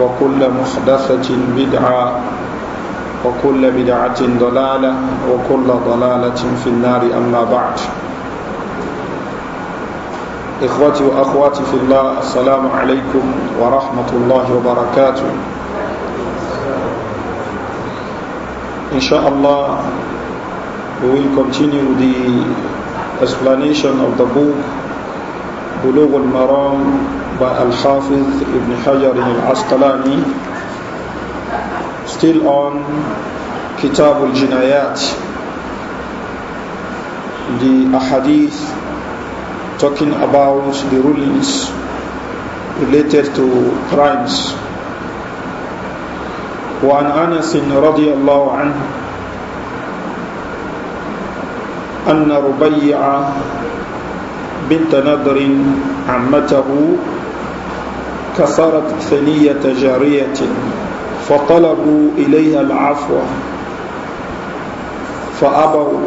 وكل محدثة بدعة وكل بدعة ضلالة وكل ضلالة في النار أما بعد إخوتي وأخواتي في الله السلام عليكم ورحمة الله وبركاته إن شاء الله we will continue the explanation of the book بلوغ المرام by Al-Hafiz Ibn Hajar Al-Asqalani still on Kitab Al-Jinayat the Ahadith talking about the rulings related to crimes وعن أنس رضي الله عنه أن ربيعة بنت نضر عمته كسرت ثنية جارية فطلبوا إليها العفو فأبوا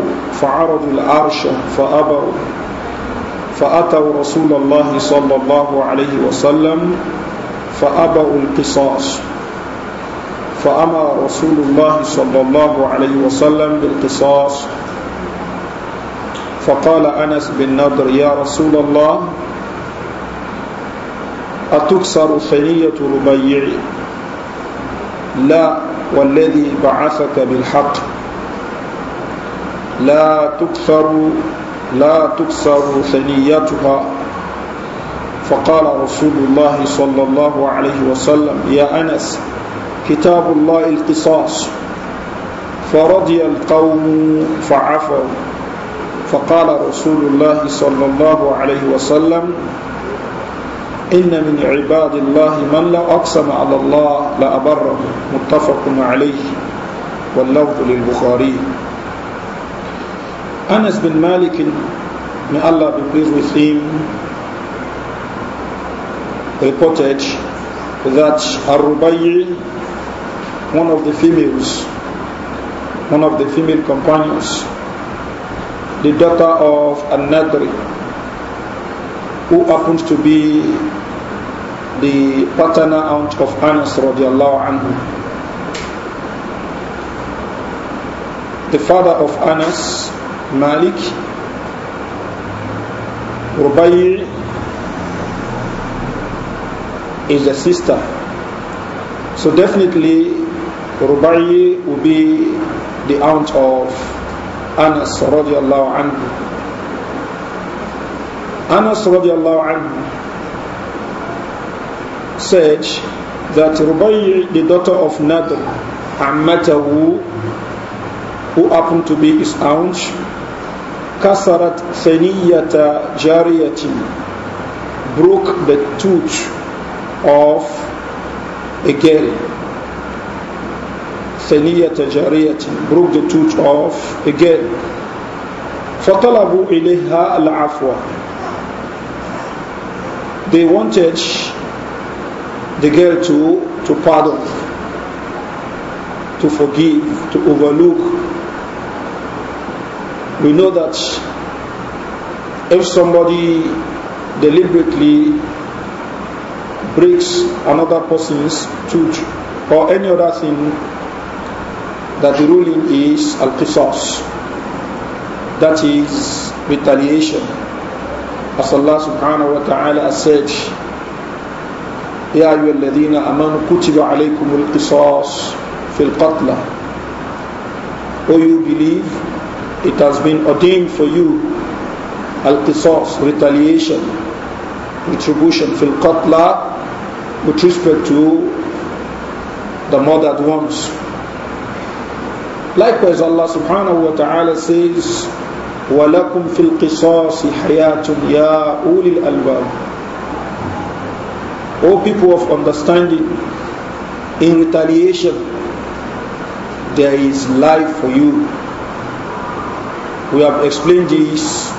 فعرضوا العرش فأبوا فأتوا رسول الله صلى الله عليه وسلم فأبوا القصاص فأمر رسول الله صلى الله عليه وسلم بالقصاص فقال أنس بن نضر يا رسول الله أتكسر ثنية ربيع لا والذي بعثك بالحق لا تكثر لا تكسر ثنيتها فقال رسول الله صلى الله عليه وسلم يا أنس كتاب الله القصاص فرضي القوم فعفوا فقال رسول الله صلى الله عليه وسلم إن من عباد الله من لا أقسم على الله لأبره متفق عليه واللفظ للبخاري أنس بن مالك may Allah be pleased with him reported that ar one of the females one of the female companions the daughter of An-Nadri who happens to be the paternal aunt of Anas radiallahu anhu. The father of Anas, Malik, Rubai is the sister. So definitely Rubai will be the aunt of Anas radiallahu anhu. Anas radiallahu anhu said that Rubai, the daughter of Nadr, Ammatahu, who happened to be his aunt, kasarat thaniyata jariyati, broke the tooth of a girl. Thaniyata jariyati, broke the tooth of a girl. فطلبوا إليها العفو they wanted the girl to, to pardon, to forgive, to overlook. We know that if somebody deliberately breaks another person's tooth or any other thing, that the ruling is al-qisas, that is retaliation. As Allah subhanahu wa ta'ala has said, يا أيها الذين أمنوا كتب عليكم القصاص في القتلى O you believe, it has been ordained for you al-qisas, retaliation, retribution في qatla, with respect to the murdered ones. Likewise, Allah subhanahu wa ta'ala says, ولكم في القصاص حياة يا أولي الألباب O people of understanding, in retaliation, there is life for you. We have explained this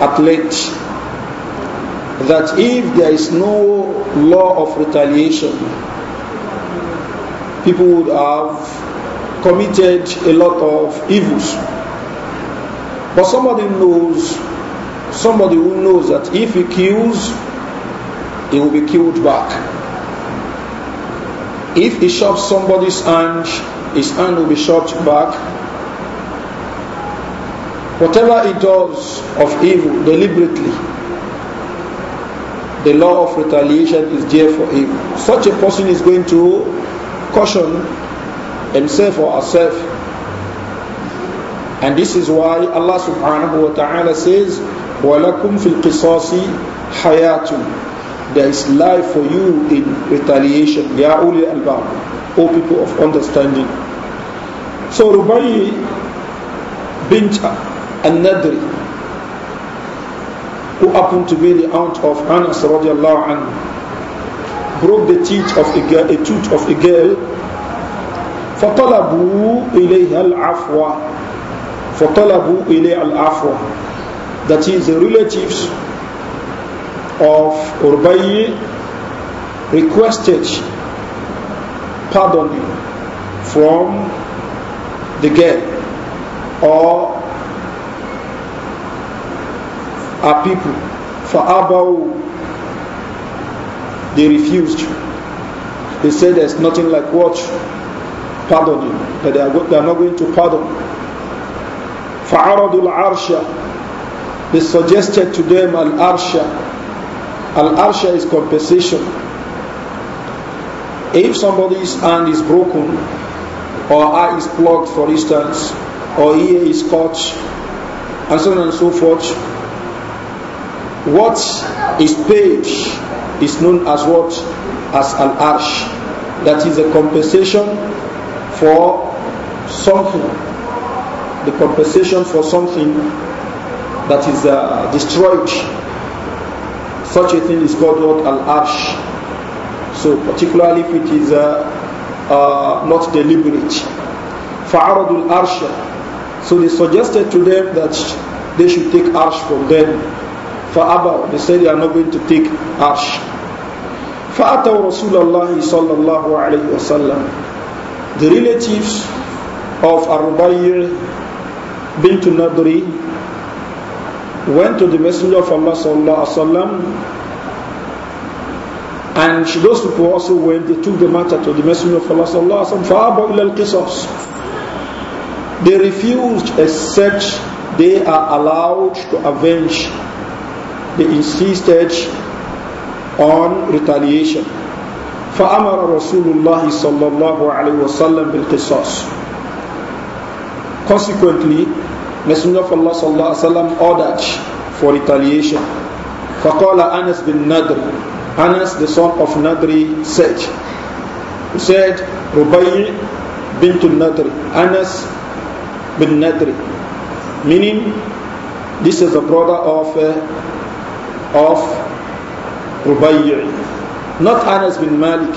at length that if there is no law of retaliation, people would have committed a lot of evils but somebody knows, somebody who knows that if he kills, he will be killed back. If he chops somebody's hand, his hand will be chopped back. Whatever he does of evil deliberately, the law of retaliation is there for him. Such a person is going to caution himself or herself and this is why Allah subhanahu wa ta'ala says, وَلَكُمْ فِي الْقِصَاصِ حَيَاتٌ There is life for you in retaliation. Ya uli الْأَلْبَابِ O people of understanding. So Rubai bint al-Nadri, who happened to be the aunt of Anas radiallahu anhu, broke the teeth of a, girl, a tooth of a girl. فَطَلَبُوا إِلَيْهَا فَطَلَبُوا al الْأَفْوَى That is, the relatives of Urbayi requested pardon from the girl or our people for Abau they refused they said there's nothing like what pardoning that they are, they are not going to pardon فعرضوا العرش they suggested to them al-arsha al-arsha is compensation if somebody's hand is broken or eye is plugged for instance or ear is cut and so on and so forth what is paid is known as what as an that is a compensation for something the compensation for something that is uh, destroyed. Such a thing is called what al ash. So particularly if it is uh, uh, not deliberate. Fa'aradul ash. So they suggested to them that they should take arsh from them. Fa'aba, they said they are not going to take arsh. Fa'ataw Rasulullah sallallahu alayhi wa The relatives of Arbayr bint Nadri went to the Messenger of Allah sallallahu alaihi wasallam and she those people also went, they took the matter to the Messenger of Allah sallallahu alaihi wasallam. qisas. They refused except they are allowed to avenge. They insisted on retaliation. فأمر رسول الله صلى الله عليه وسلم بالقصاص. Consequently, Messenger of Allah sallallahu alaihi wasallam ordered for retaliation. Faqala Anas bin Nadr, Anas the son of Nadri said, he said Rubai' bint Nadri, Anas bin Nadri, meaning this is the brother of uh, of Rubai', not Anas bin Malik.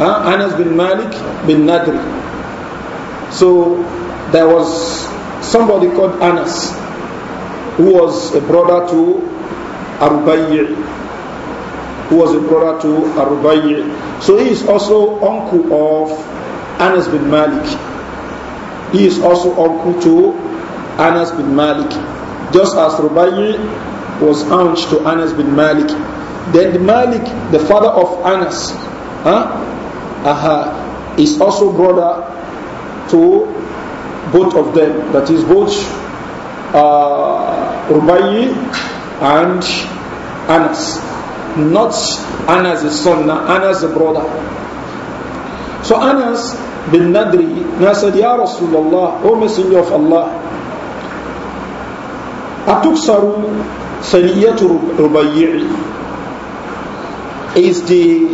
Huh? Anas bin Malik bin Nadri. So there was somebody called Anas, who was a brother to Arubayy, who was a brother to Arubayy. So he is also uncle of Anas bin Malik. He is also uncle to Anas bin Malik. Just as Rubayy was aunt to Anas bin Malik. Then the Malik, the father of Anas, huh? Aha, is also brother to both of them, that is both uh, Rubayi and Anas. Not Anas the son, Anas the brother. So Anas bin Nadri now said, Ya Rasulullah, O Messenger of Allah, أتكسر ثنية Rubayi is the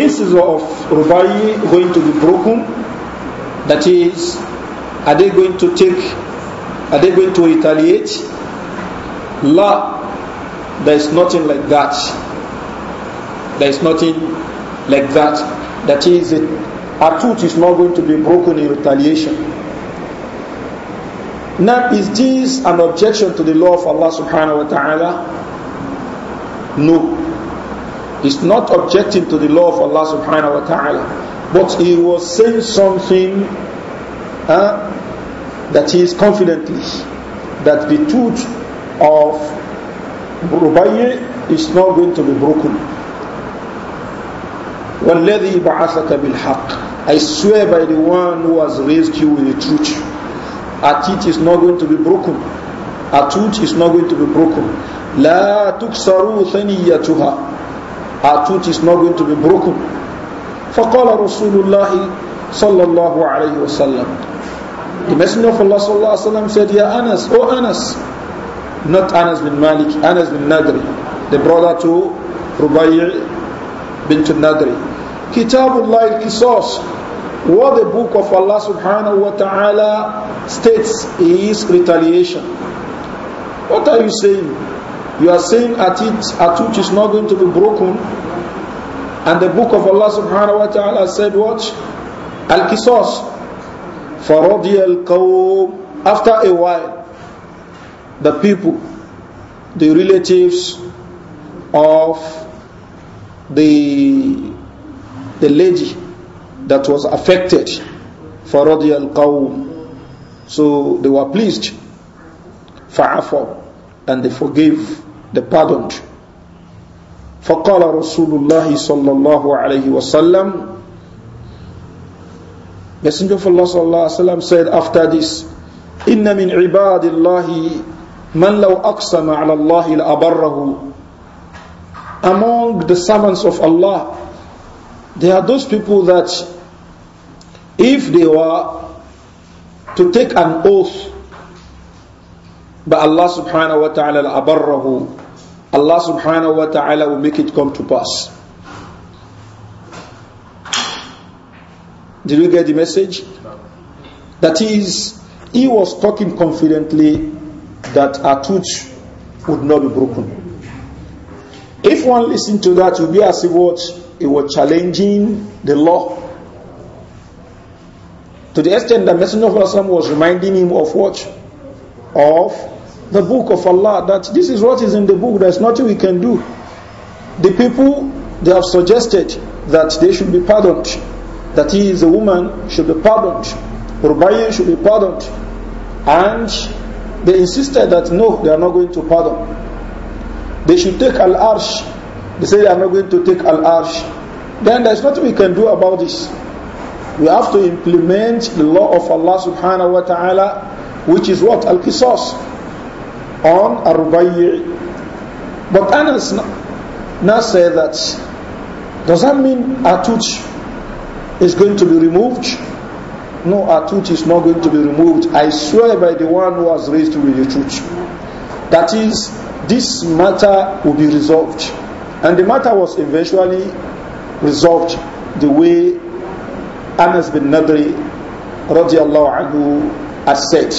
incisor of Rubayi going to be broken? That is, are they going to take, are they going to retaliate? La, there is nothing like that. There is nothing like that. That is, it, our truth is not going to be broken in retaliation. Now, is this an objection to the law of Allah subhanahu wa ta'ala? No. It's not objecting to the law of Allah subhanahu wa ta'ala. But he was saying something uh, that he is confidently that the tooth of Rubayy is not going to be broken. وَالَّذِي بَعَثَكَ بِالْحَقِّ I swear by the one who has raised you with the truth. A tooth is not going to be broken. A tooth is not going to be broken. لَا تُكْسَرُوا ثَنِيَّتُهَا A tooth is not going to be broken. فَقَالَ رَسُولُ اللَّهِ صَلَّى اللَّهُ عَلَيْهِ وَسَلَّمَ the Messenger of Allah sallallahu said, "Ya Anas, O oh Anas, not Anas bin Malik, Anas bin Nadri, the brother to Rubai' bin Nadri. Kitabullah al-Qisas, what the book of Allah subhanahu wa ta'ala states is retaliation. What are you saying? You are saying at it, at which is not going to be broken. And the book of Allah subhanahu wa ta'ala said what? Al-Qisas, فَرَضِيَ الْقَوْمِ After a while, the people, the relatives of the, the lady that was affected, فَرَضِيَ الْقَوْمِ So they were pleased, فَعَفَوْا And they forgave, the pardoned. فقال رسول الله صلى الله عليه وسلم Messenger of Allah sallallahu alaihi wasallam said after this, "Inna min ibadillahi man law aqsama ala Allahi abarrahu." Among the servants of Allah, there are those people that if they were to take an oath by Allah subhanahu wa ta'ala abarrahu Allah subhanahu wa ta'ala will make it come to pass Did you get the message? That is, he was talking confidently that a tooth would not be broken. If one listened to that, it would be as if what it was challenging the law. To the extent that Messenger of Allah was reminding him of what? Of the book of Allah, that this is what is in the book, there's nothing we can do. The people, they have suggested that they should be pardoned. That he is a woman should be pardoned. Rubayyin should be pardoned. And they insisted that no, they are not going to pardon. They should take Al Arsh. They say they are not going to take Al Arsh. Then there's nothing we can do about this. We have to implement the law of Allah subhanahu wa ta'ala, which is what? Al Qisas on Al But Anas now said that does that mean Atuch is going to be removed? No, our truth is not going to be removed. I swear by the one who has raised with the truth. That is, this matter will be resolved. And the matter was eventually resolved the way Anas bin Nadri radiallahu anhu has said.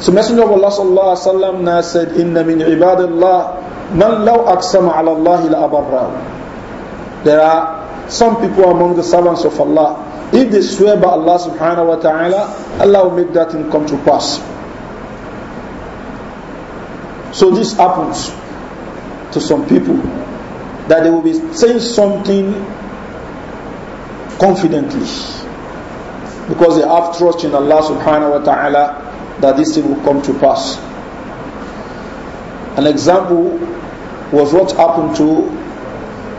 So Messenger of Allah sallallahu alaihi wasallam now said, "Inna min ibadillah man law aqsama ala Allah la There are some people among the servants of Allah, if they swear by Allah subhanahu wa ta'ala, Allah will make that thing come to pass. So this happens to some people that they will be saying something confidently because they have trust in Allah subhanahu wa ta'ala that this thing will come to pass. An example was what happened to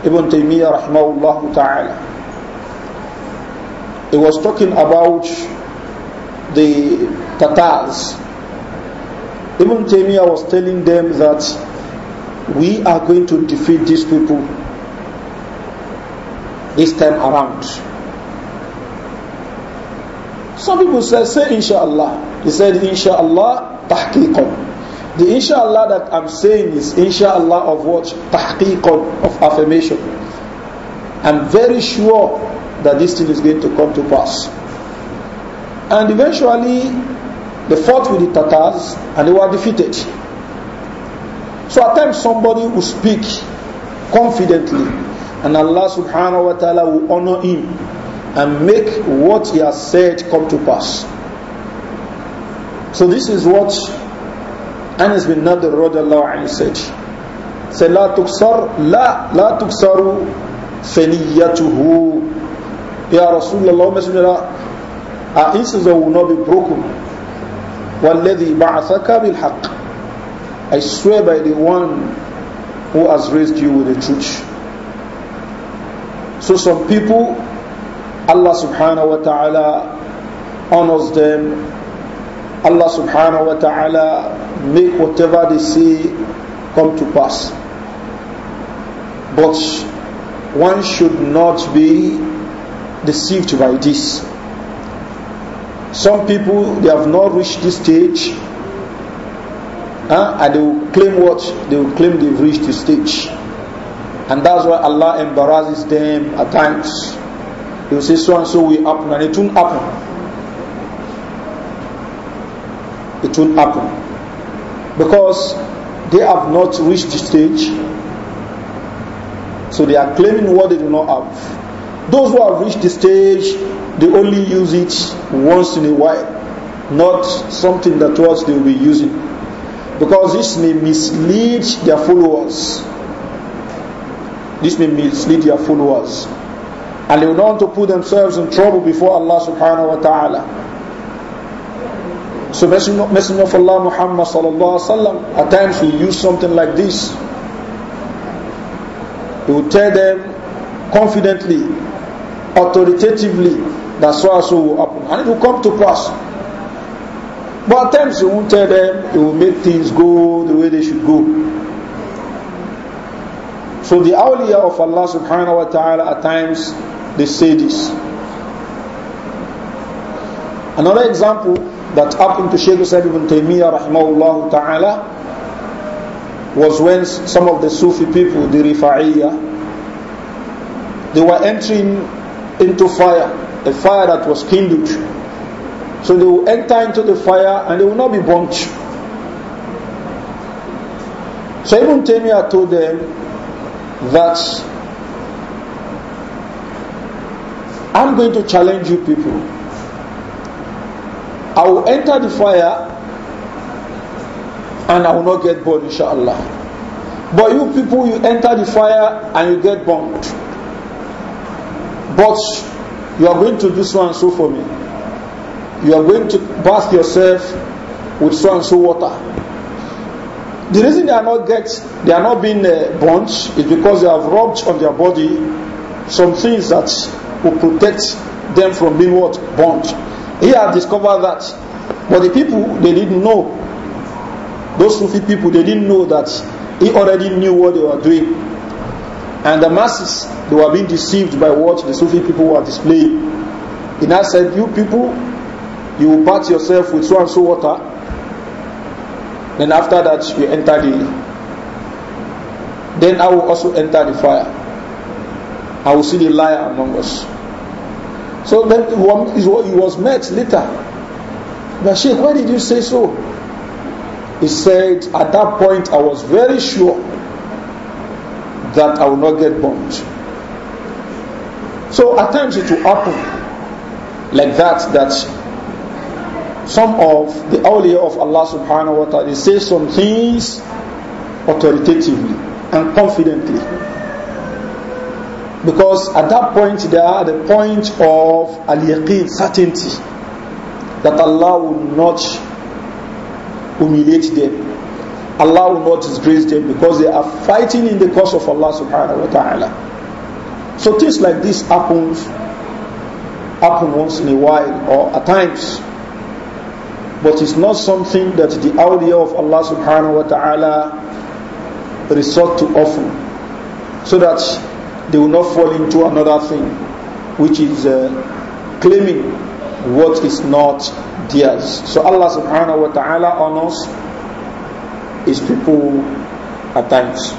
Ibn Taymiyyah rahimahullah ta'ala. He was talking about the Tatars. Ibn Taymiyyah was telling them that we are going to defeat these people this time around. Some people say, say inshallah. He said, inshallah, tahqiqan. The inshallah that I'm saying is inshallah of what? Tahqiqan, of affirmation. I'm very sure that this thing is going to come to pass. And eventually, they fought with the Tatars and they were defeated. So at times somebody will speak confidently and Allah subhanahu wa ta'ala will honor him and make what he has said come to pass. So this is what Anas bin Nadir radiallahu anhu said, say, لا تكسر لا لا تكسر فنيته يا رسول الله ما سمعنا أئس instance will not وَالَّذِي بَعَثَكَ بِالْحَقِّ I swear by the one who has raised you with the truth. So some people, Allah subhanahu wa ta'ala honors them Allah subhanahu wa ta'ala make whatever they say come to pass. But one should not be deceived by this. Some people they have not reached this stage huh? and they will claim what? They will claim they've reached the stage. And that's why Allah embarrasses them at times. They will say so and so will happen and it won't happen. it will happen. Because they have not reached the stage, so they are claiming what they do not have. Those who have reached the stage, they only use it once in a while, not something that what they will be using. Because this may mislead their followers. This may mislead their followers. And they will not want to put themselves in trouble before Allah subhanahu wa ta'ala. So Messenger of Allah Muhammad sallallahu alaihi wasallam at times he use something like this. He will tell them confidently, authoritatively, that so and so will happen, and it will come to pass. But at times he won't tell them; he will make things go the way they should go. So the awliya of Allah subhanahu wa taala at times they say this. Another example that happened to Shaykh Said ibn Taymiyyah rahimahullah ta'ala was when some of the Sufi people, the Rifa'iyya, they were entering into fire, a fire that was kindled. So they will enter into the fire and they will not be burnt. So Ibn Taymiyyah told them that I'm going to challenge you people I will enter the fire and I will not get burned, inshallah. But you people, you enter the fire and you get burned. But you are going to do so and so for me. You are going to bath yourself with so and so water. The reason they are not get, they are not being uh, burnt is because they have rubbed on their body some things that will protect them from being what burnt. He had discovered that. But the people, they didn't know. Those Sufi people, they didn't know that he already knew what they were doing. And the masses, they were being deceived by what the Sufi people were displaying. He now said, You people, you will bat yourself with so and so water. Then after that, you enter the. Then I will also enter the fire. I will see the liar among us. So then, he was met later. The Sheikh, why did you say so? He said, at that point I was very sure that I will not get bombed. So at times it will happen like that, that some of the awliya of Allah subhanahu wa ta'ala say some things authoritatively and confidently. Because at that point, they are at the point of al certainty that Allah will not humiliate them. Allah will not disgrace them because they are fighting in the cause of Allah subhanahu wa ta'ala. So things like this happens happen once in a while or at times. But it's not something that the awliya of Allah subhanahu wa ta'ala resort to often. So that they will not fall into another thing, which is uh, claiming what is not theirs. So Allah subhanahu wa ta'ala honors his people at times.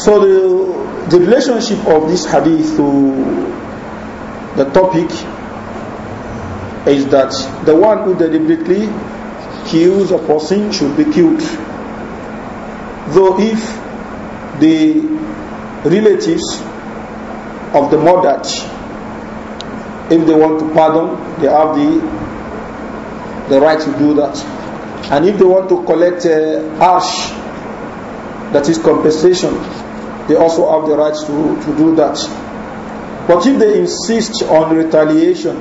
So the, the relationship of this hadith to the topic is that the one who deliberately kills a person should be killed. Though if the relatives of the murdered, if they want to pardon, they have the, the right to do that. And if they want to collect uh, ash, that is compensation, they also have the right to, to do that. But if they insist on retaliation,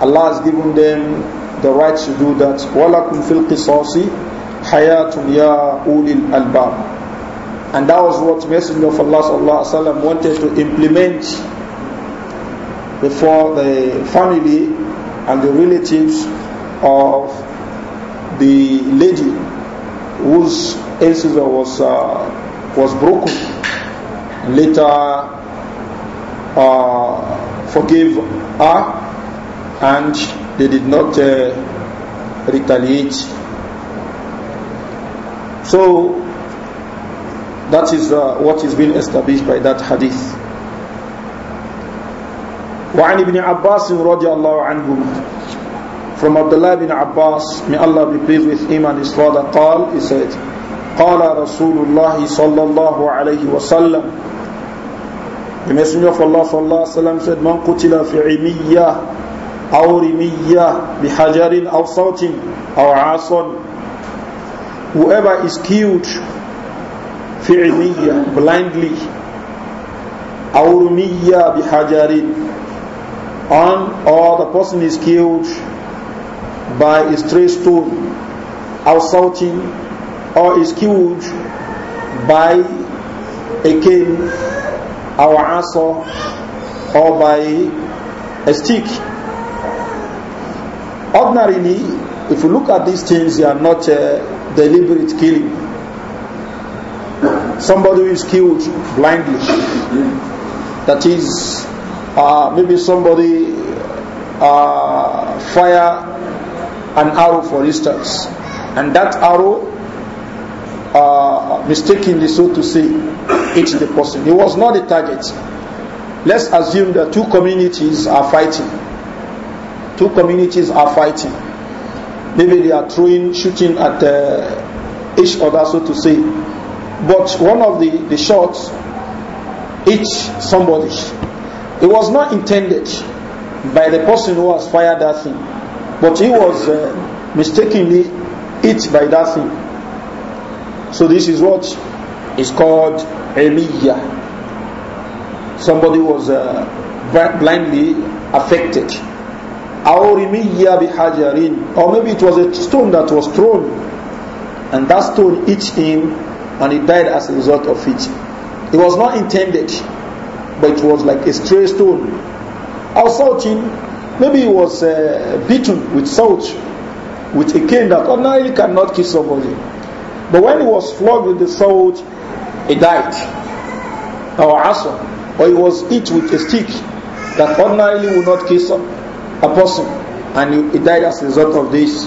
Allah has given them the right to do that. وَلَكُمْ فِي الْقِصَاصِ حَيَاةٌ يَا أُولِي الْأَلْبَابِ and that was what Messenger of Allah وسلم, wanted to implement before the family and the relatives of the lady whose ancestor was, uh, was broken. Later uh, forgave her and they did not uh, retaliate. So that is uh, what is being established by that hadith. وعن ابن عباس رضي الله عنهما From Abdullah ibn Abbas, may Allah be pleased with him and his father, قال, he said, قال رسول الله صلى الله عليه وسلم The Messenger of Allah صلى الله عليه وسلم said, من قتل في عمية أو رمية بحجر أو صوت أو Whoever is killed فعلية blindly أو رمية بحجر on or the person is killed by a stray stone or shouting or is killed by a cane or answer or by a stick ordinarily if you look at these things they are not uh, deliberate killing somebody who is killed blindly. That is, uh, maybe somebody uh, fire an arrow, for instance, and that arrow, uh, mistakenly so to say, hit the person. It was not the target. Let's assume that two communities are fighting. Two communities are fighting. Maybe they are throwing, shooting at uh, each other, so to say but one of the, the shots hit somebody. It was not intended by the person who has fired that thing, but he was uh, mistakenly hit by that thing. So this is what is called Aliyah. Somebody was uh, blindly affected. Or maybe it was a stone that was thrown, and that stone hit him and he died as a result of it. It was not intended, but it was like a stray stone. Our salting, maybe he was uh, beaten with salt, with a cane that ordinarily cannot kill somebody. But when he was flogged with the salt, he died. Our asr, or he was hit with a stick that ordinarily would not kill a person, and he, he died as a result of this.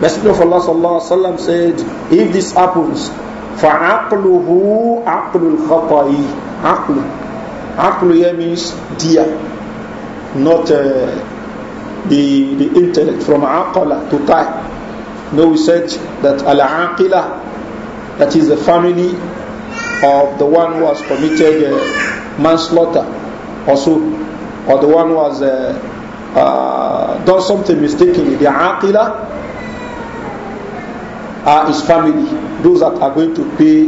Messenger of Allah sallallahu said, if this happens, فَعَقْلُهُ عَقْلُ الْخَطَئِ Aqlu. Aqlu here means dear, not uh, the, the intellect from aqala to tie. No, we said that al-aqila, that is the family of the one who has committed uh, manslaughter also, or the one who has uh, uh done something mistakenly. The aqila uh, his family, those that are going to pay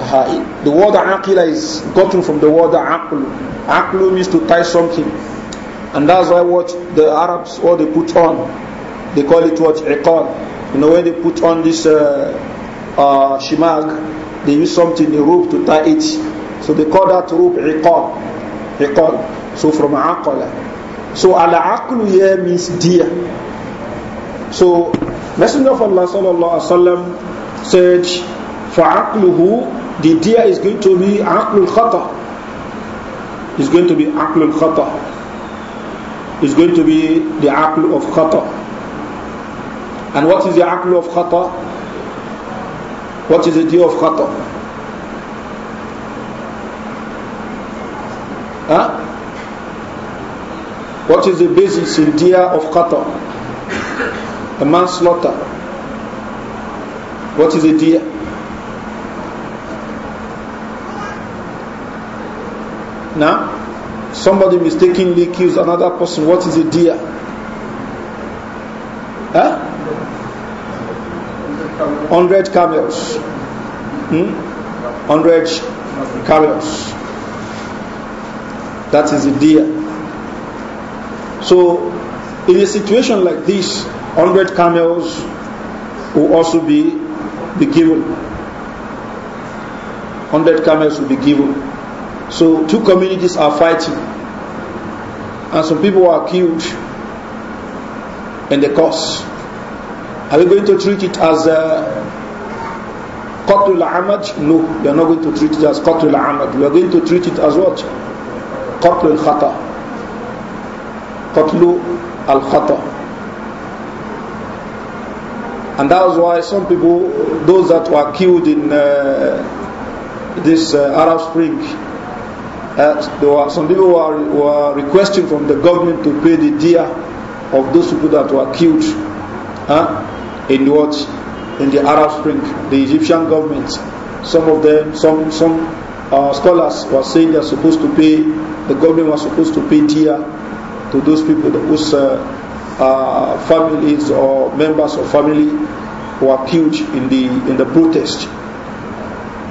uh, the word aqila is gotten from the word aql. Aql means to tie something. And that's why what the Arabs, what they put on, they call it what iqal. You know, when they put on this uh, uh, shimag, they use something, a rope to tie it. So they call that rope iqal. Iqal. So from aqala. So al-aqlu here means deer. So, Messenger of Allah sallallahu wasallam said, "For akluhu, the deer is going to be aklul khata. It's going to be aklul khata. It's going to be the akl of khata. And what is the akl of khata? What is the deer of khata? Huh? What is the basis in deer of khata? A manslaughter. What is a deer? Now, somebody mistakenly kills another person. What is a deer? Huh? 100 camels. Hmm? 100 camels. That is a deer. So, in a situation like this, 100 camels will also be, be given. 100 camels will be given. So two communities are fighting. And some people are killed in the cost Are we going to treat it as uh, Qatul Ahmad? No, we are not going to treat it as Qatul Ahmad. We are going to treat it as what? Qatul Khata. Qatul Al Khata. And that was why some people, those that were killed in uh, this uh, Arab Spring, uh, there were some people were, were requesting from the government to pay the dear of those people that were killed uh, in what in the Arab Spring, the Egyptian government. Some of them, some some uh, scholars were saying they are supposed to pay, the government was supposed to pay dear to those people whose uh, uh, families or members of family who are killed in the in the protest.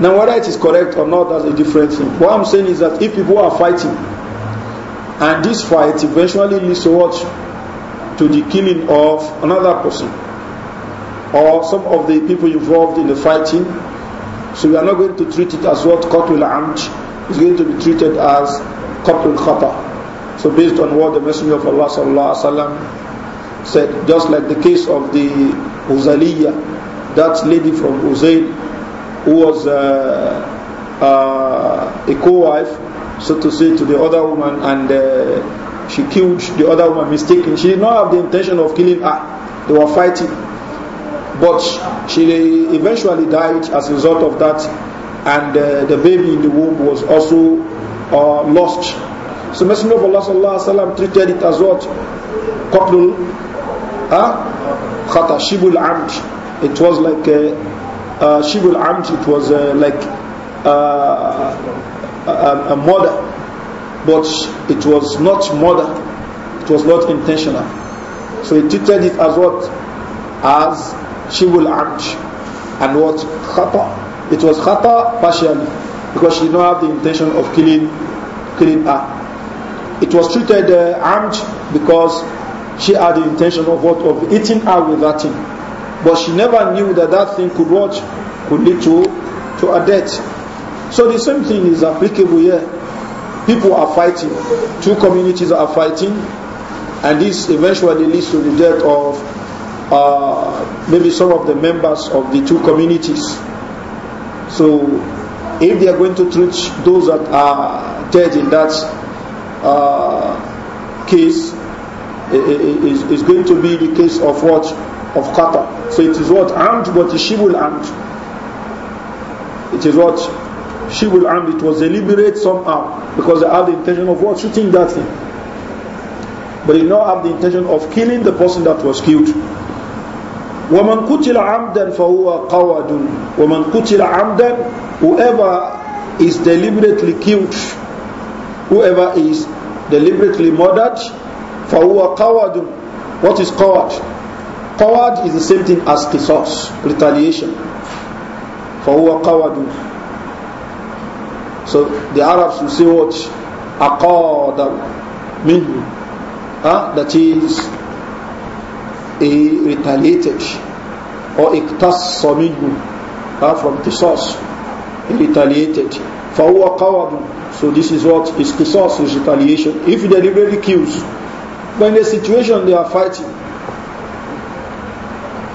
Now, whether it is correct or not, that's a different thing. What I'm saying is that if people are fighting, and this fight eventually leads to what? To the killing of another person or some of the people involved in the fighting. So we are not going to treat it as what Qatul Amj is going to be treated as Qatul Khata. So based on what the Messenger of Allah sallallahu alaihi wasallam said, just like the case of the Uzaliya, that lady from Uzail, who was uh, uh, a co-wife, so to say, to the other woman, and uh, she killed the other woman mistakenly. She did not have the intention of killing her; they were fighting, but she eventually died as a result of that, and uh, the baby in the womb was also uh, lost. So Messenger of Allah sallallahu alaihi wasallam treated it as what? Couple Khata Shibul Amd. It was like a, uh, uh, Shibul Amd, it was uh, like uh, a, a murder. But it was not murder. It was not intentional. So he treated it as what? As Shibul Amd. And what? Khata. It was Khata partially. Because she did not have the intention of killing, killing her. It was treated uh, because she had the intention of what of eating her with that thing but she never knew that that thing could what could lead to to a death so the same thing is applicable here people are fighting two communities are fighting and this eventually leads to the death of uh, maybe some of the members of the two communities so if they are going to treat those that are dead in that uh, case is, is going to be the case of what? Of Qatar. So it is what? armed, but she will arm. It is what? She will arm. It was deliberate somehow because they had the intention of what? Shooting that thing. But they now have the intention of killing the person that was killed. وَمَنْ قُتِلَ عَمْدًا فَهُوَ قَوَدٌ وَمَنْ قُتِلَ عَمْدًا Whoever is deliberately killed, whoever is deliberately murdered, فَهُوَ قَوَدٌ What is qawad? Qawad is the same thing as qisas, retaliation. فَهُوَ قَوَدٌ So the Arabs will say what? أَقَادَ مِنْهُ huh? That is, a retaliated or اقتص منه huh? from قصاص he retaliated فهو قواد so this is what is قصاص is retaliation if he deliberately kills but in the situation they are fighting,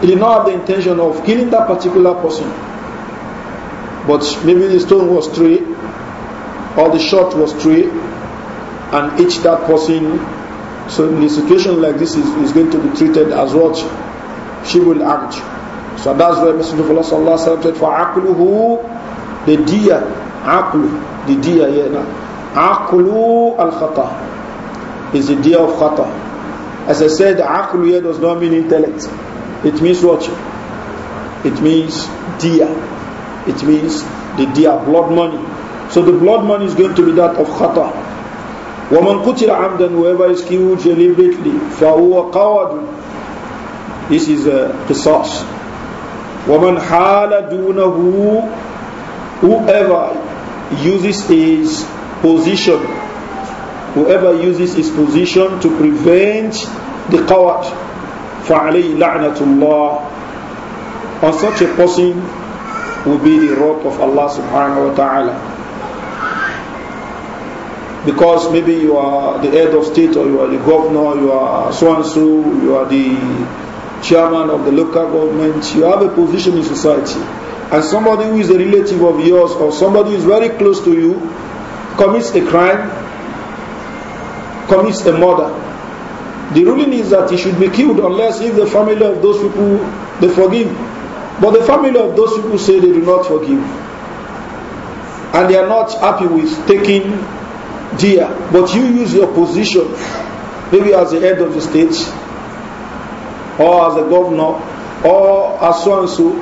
he did not have the intention of killing that particular person. But maybe the stone was three, or the shot was three, and each that person. So in a situation like this is, is going to be treated as what? She will act. So that's why Messenger of Allah sallallahu said, "For akluhu the dia, aklu the dia yeah, akulu al khata." is the day of Khata. As I said, Aql here does not mean intellect. It means what? It means dia. It means the dia, blood money. So the blood money is going to be that of Khata. وَمَنْ قُتِلَ عَمْدًا Whoever is killed deliberately, فَهُوَ قَوَدٌ This is a qisas. وَمَنْ حَالَ دُونَهُ Whoever uses his position whoever uses his position to prevent the coward فَعَلَيْهِ لَعْنَةُ اللَّهِ on such a person will be the wrath of Allah subhanahu wa ta'ala because maybe you are the head of state or you are the governor you are so and so you are the chairman of the local government you have a position in society and somebody who is a relative of yours or somebody who is very close to you commits a crime commits a murder. The ruling is that he should be killed unless if the family of those people they forgive. But the family of those people say they do not forgive. And they are not happy with taking dia. But you use your position, maybe as the head of the state, or as a governor, or as so and so,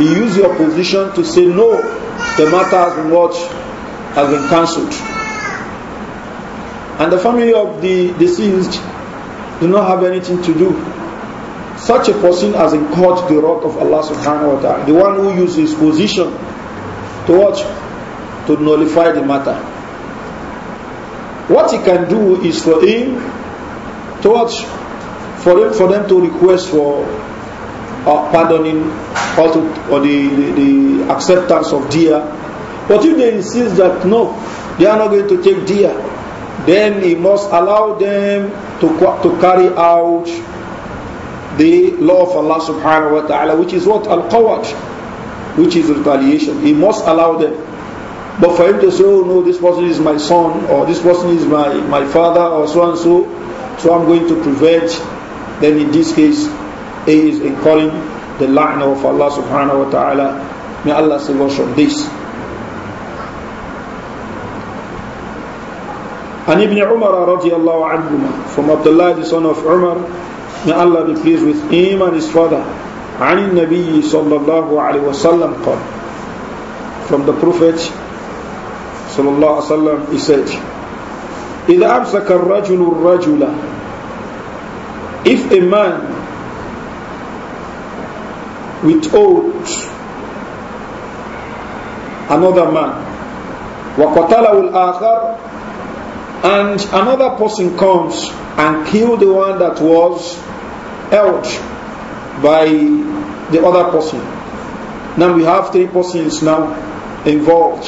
you use your position to say no, the matter has been watched, Has been cancelled and the family of the deceased do not have anything to do. Such a person has incurred the wrath of Allah subhanahu wa ta'ala, the one who uses his position to watch, to nullify the matter. What he can do is for him to watch, for, him, for them to request for uh, pardoning or, to, or the, the, the acceptance of dear. But if they insist that no, they are not going to take dear, then he must allow them to, to carry out the law of Allah subhanahu wa ta'ala, which is what? Al-Qawaj, which is retaliation. He must allow them. But for him to say, oh no, this person is my son, or this person is my, my father, or so and so, so I'm going to prevent, then in this case, he is incurring the la'na of Allah subhanahu wa ta'ala. May Allah save us from this. And Ibn Umar radiallahu anhuma, from Abdullah the son of Umar, may Allah be pleased with him and his father, عن النبي صلى الله عليه وسلم قال From the Prophet صلى الله عليه وسلم, he said, إذا أمسك الرجل الرجل If a man withholds another man وقتله الآخر And another person comes and kill the one that was held by the other person. Now we have three persons now involved.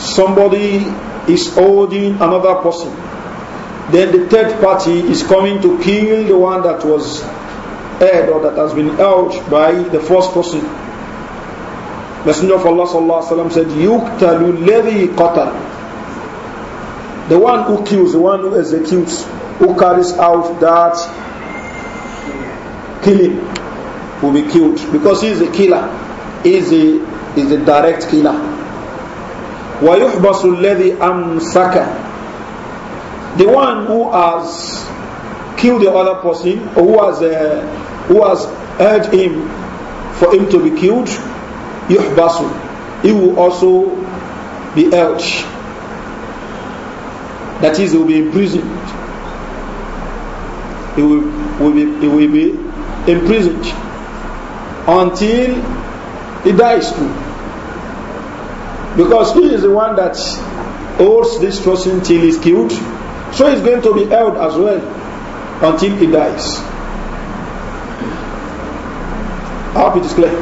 Somebody is holding another person. Then the third party is coming to kill the one that was held or that has been held by the first person. Messenger of Allah said, "Yuqtalu alladhi qatal." The one who kills, the one who executes, who carries out that killing will be killed because he is a killer. He is a, is a direct killer. وَيُحْبَصُ الَّذِي أَمْسَكَ The one who has killed the other person or who has, uh, who has urged him for him to be killed, يُحْبَصُ He will also be urged. That is, he will be imprisoned. He will, will, be, will be imprisoned until he dies too. Because he is the one that holds this trust until he's killed. So he's going to be held as well until he dies. I hope it is clear.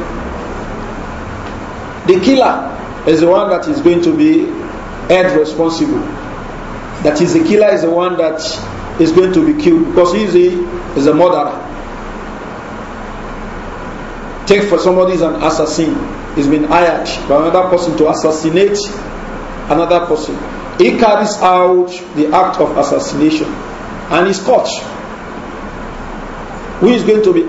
The killer is the one that is going to be held responsible. That is the killer is the one that is going to be killed because he is a, is a murderer. Take for somebody is an assassin. He's been hired by another person to assassinate another person. He carries out the act of assassination and is caught. Who is going to be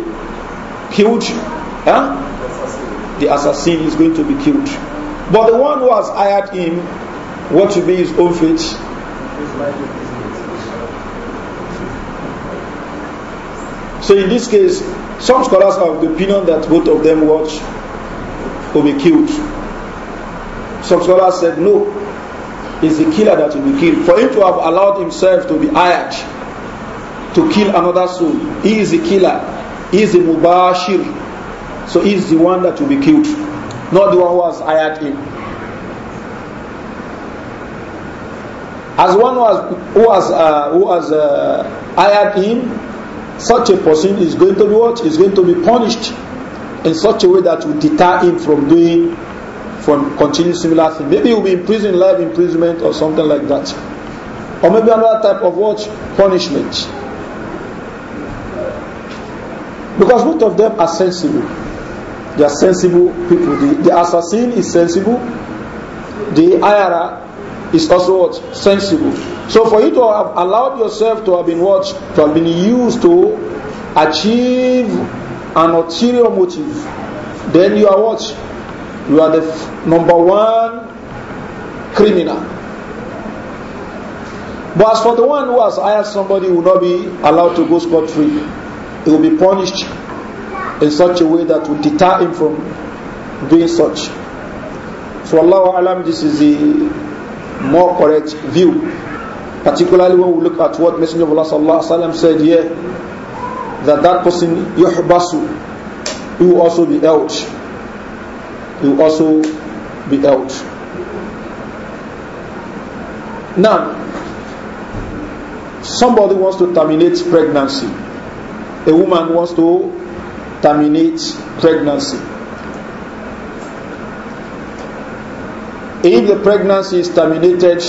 killed? Huh? The assassin is going to be killed. But the one who has hired him, what to be his own fate? So in this case, some scholars have the opinion that both of them watch will be killed. Some scholars said no, it's the killer that will be killed. For him to have allowed himself to be hired to kill another soul, he is the killer, he is the mubashir, so he is the one that will be killed, not the one who has hired him. As one who has who has, uh, who has uh, hired him, such a person is going to be what is going to be punished in such a way that will deter him from doing from continuing similar thing. Maybe he will be in prison, life imprisonment, or something like that, or maybe another type of what punishment. Because both of them are sensible. They are sensible people. The, the assassin is sensible. The IRA is also what? Sensible. So for you to have allowed yourself to have been watched, To have been used to achieve an ulterior motive, then you are what? You are the number one criminal. But as for the one who has hired somebody who will not be allowed to go scot free, he will be punished in such a way that will deter him from doing such. So Allah Alam, this is the more correct view. Particularly when we look at what Messenger of Allah sallam, said here, that that person, yuhbasu, he will also be out. He will also be out. Now, somebody wants to terminate pregnancy. A woman wants to terminate pregnancy. If the pregnancy is terminated,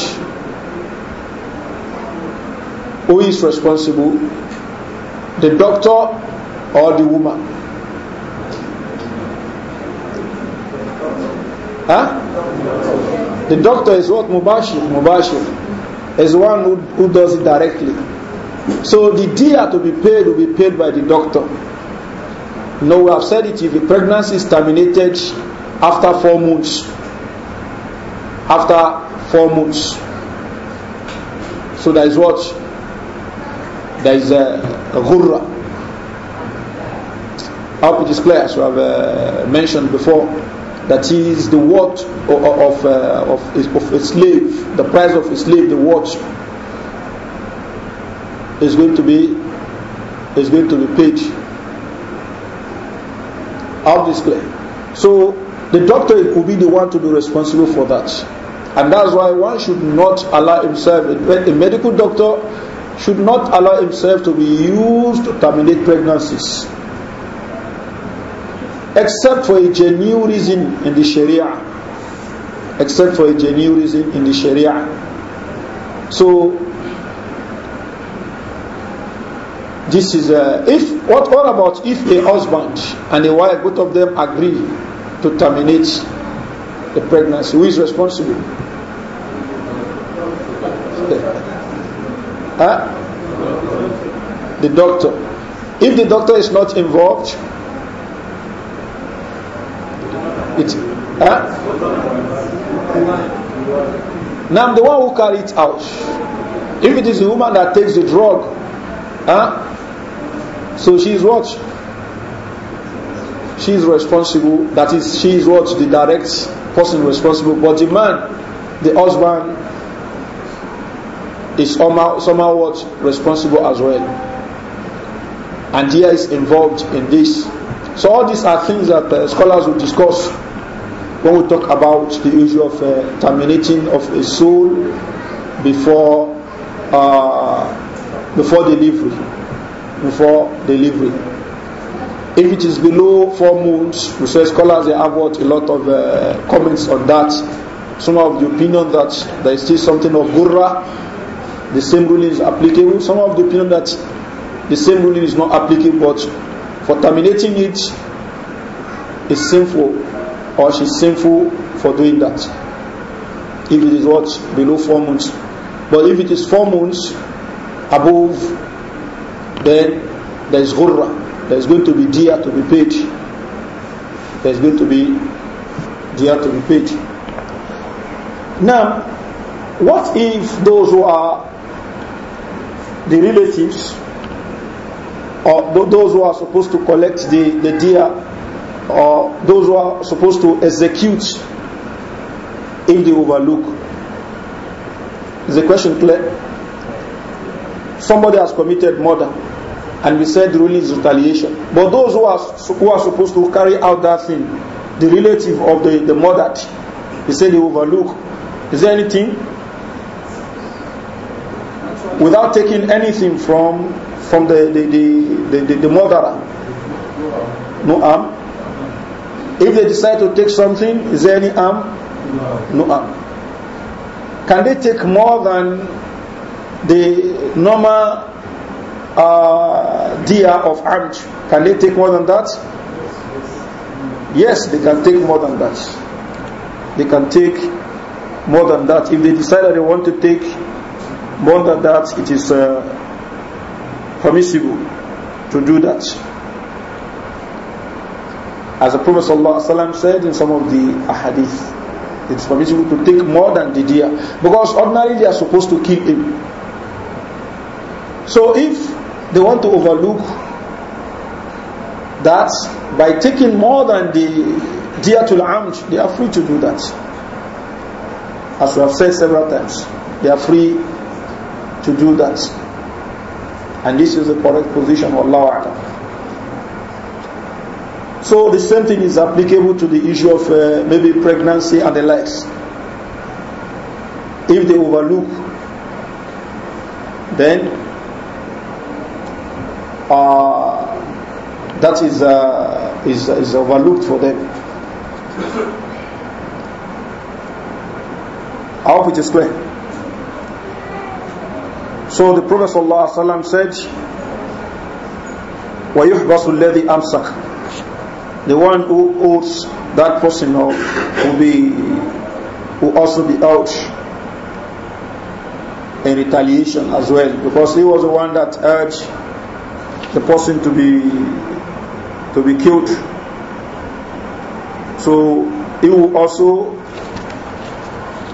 who is responsible? The doctor or the woman? Huh? The doctor is what? Mubashir. Mubashir is one who, who does it directly. So the dear to be paid will be paid by the doctor. Now no, we have said it if the pregnancy is terminated after four months, after four months. So there is what? There is a, a ghurra. I hope it is clear, as we have uh, mentioned before, that is the worth of, of, uh, of, of a slave, the price of a slave, the is going to be is going to be paid. All this clear. So the doctor will be the one to be responsible for that. And that's why one should not allow himself, a medical doctor should not allow himself to be used to terminate pregnancies. Except for a genuine reason in the Sharia. Except for a genuine reason in the Sharia. So, this is a, uh, if, what, what about if a husband and a wife, both of them agree to terminate the pregnancy? Who is responsible? huh? The doctor. If the doctor is not involved, it. Huh? Now I'm the one who carry it out. If it is the woman that takes the drug, huh? so she is what? she is responsible, that is, she is what the direct person responsible, but the man, the husband, is somehow, somehow what responsible as well. And he is involved in this. So all these are things that uh, scholars will discuss when we talk about the issue of uh, terminating of a soul before uh, before delivery, before delivery. If it is below four moons, say scholars they have what a lot of uh, comments on that. Some of the opinion that there is still something of gurra, the same ruling is applicable. Some of the opinion that the same ruling is not applicable, but for terminating it is sinful or she's sinful for doing that. If it is what below four moons. but if it is four moons above, then there is Gurra. There's going to be dia to be paid. There's going to be dia to be paid. Now, what if those who are the relatives or those who are supposed to collect the, the dia or those who are supposed to execute if they overlook? Is the question clear? Somebody has committed murder and we said ruling is retaliation. But those who are, who are supposed to carry out that thing, the relative of the, the murdered, he said they overlook. Is there anything? Without taking anything from from the the, the, the, the, the murderer. No arm. If they decide to take something, is there any arm? No arm. Can they take more than the normal uh, dia of Amj. Can they take more than that? Yes, they can take more than that. They can take more than that. If they decide that they want to take more than that, it is uh, permissible to do that. As the Prophet ﷺ said in some of the ahadith, it's permissible to take more than the deer because ordinarily they are supposed to kill him. So if they want to overlook that by taking more than the diatul amj, they are free to do that. As we have said several times, they are free to do that. And this is the correct position, of Allah. So the same thing is applicable to the issue of uh, maybe pregnancy and the likes. If they overlook, then uh, that is, uh, is, is overlooked for them. I hope it is clear. So the Prophet ﷺ said, وَيُحْبَسُ الَّذِي أَمْسَكَ The one who holds that person out will be will also be out in retaliation as well because he was the one that urged the person to be to be killed. So he will also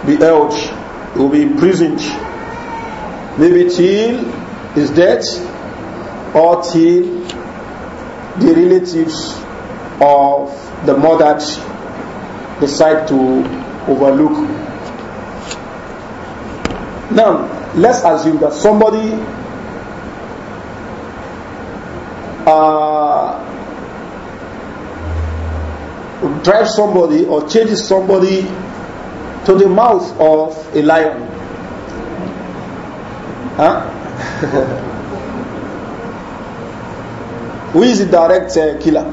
be held, he will be imprisoned, maybe till his death or till the relatives of the murdered decide to overlook. Now, let's assume that somebody Uh, drive somebody or change somebody to the mouth of a lion. Huh? Who is the direct uh, killer?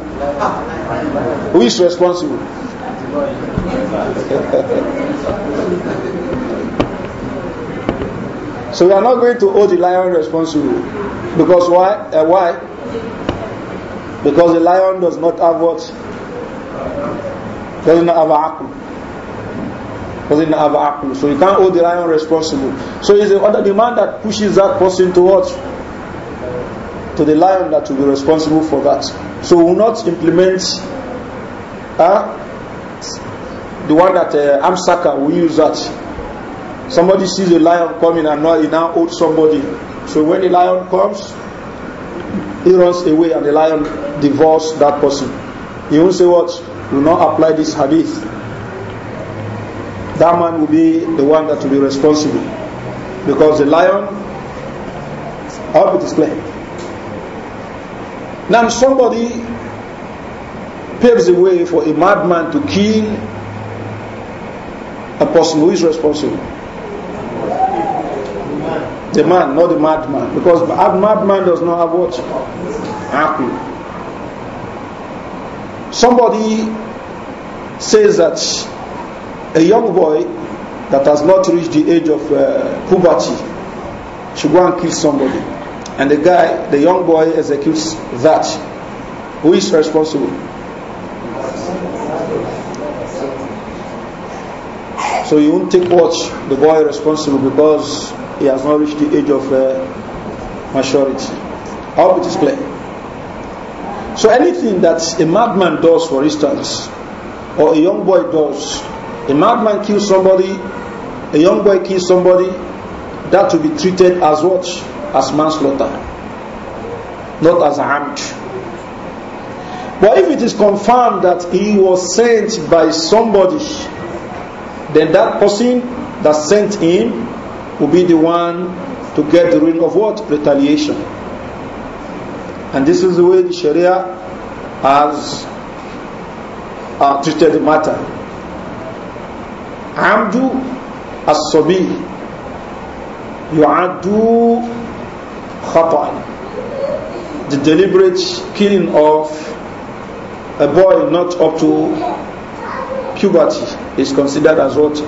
Who is responsible? so we are not going to hold the lion responsible because why? Uh, why? Because the lion does not have what? Doesn't have a aql. Doesn't have aql. So you can't hold the lion responsible. So it's the, other, the man that pushes that person towards to the lion that will be responsible for that. So will not implement uh, the one that uh, Amsaka will use that. Somebody sees a lion coming and now he now holds somebody. So when the lion comes, he runs away and the lion divorce that person. He won't say what? Will not apply this hadith. That man will be the one that will be responsible. Because the lion, how it is playing. Now somebody paves the way for a madman to kill a person who is responsible. The man, not the madman. Because a madman does not have what? Apple somebody says that a young boy that has not reached the age of uh, puberty should go and kill somebody, and the guy, the young boy, executes that, who is responsible? So you won't take what the boy responsible because he has not reached the age of uh, maturity. I hope it is clear. So anything that a madman does, for instance, or a young boy does, a madman kills somebody, a young boy kills somebody, that will be treated as what? As manslaughter, not as a harmed. But if it is confirmed that he was sent by somebody, then that person that sent him will be the one to get the ruin of what? Retaliation. And this is the way the Sharia has uh, treated the matter. Amdu as-sabi yu'addu khata'an. The deliberate killing of a boy not up to puberty is considered as what?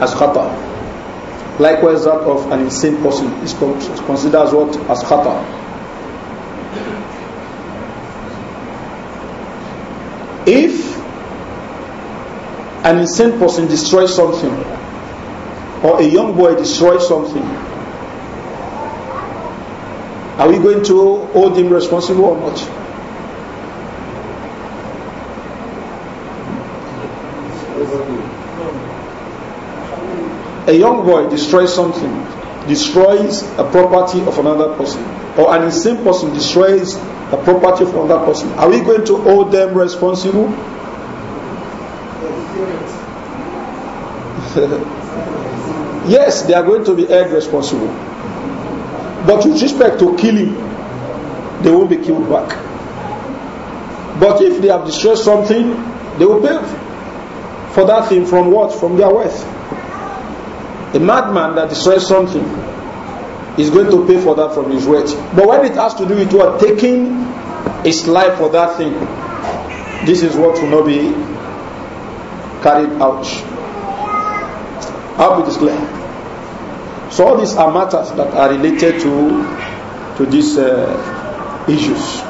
As khata'. Likewise, that of an insane person is considered as what? As khata'. If an insane person destroys something, or a young boy destroys something, are we going to hold him responsible or not? A young boy destroys something, destroys a property of another person, or an insane person destroys the property from that person. Are we going to hold them responsible? yes, they are going to be held responsible. But with respect to killing, they won't be killed back. But if they have destroyed something, they will pay for that thing from what? From their wealth. A madman that destroys something is going to pay for that from his wealth. But when it has to do with what taking his life for that thing, this is what will not be carried out. I'll be clear. So all these are matters that are related to to these uh, issues.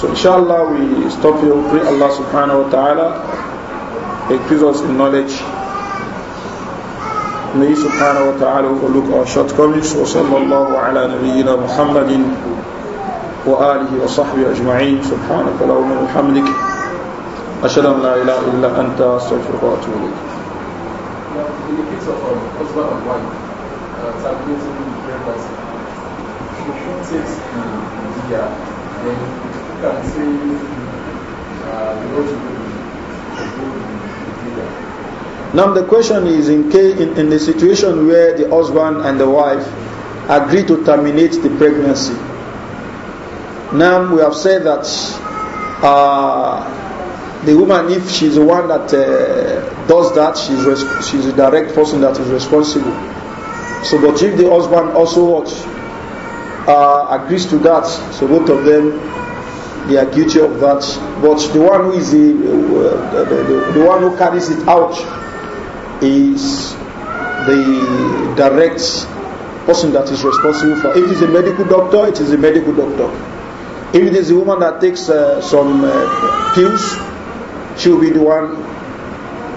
So inshallah we stop here. We pray Allah subhanahu wa ta'ala increase us in knowledge. نبي سبحانه وتعالى وقلوك أشهد كميس وصلى الله على نبينا محمد وآله وصحبه أجمعين سبحانك اللهم وبحمدك أشهد أن لا إله إلا أنت أستغفرك وأتوب إليك Uh, the logic Now the question is in, case, in, in the situation where the husband and the wife agree to terminate the pregnancy. Now we have said that uh, the woman, if she's the one that uh, does that, she's she's the direct person that is responsible. So, but if the husband also uh, agrees to that, so both of them they are guilty of that. But the one who is the, uh, the, the, the one who carries it out is the direct person that is responsible for. If it is a medical doctor, it is a medical doctor. If it is a woman that takes uh, some uh, pills, she will be the one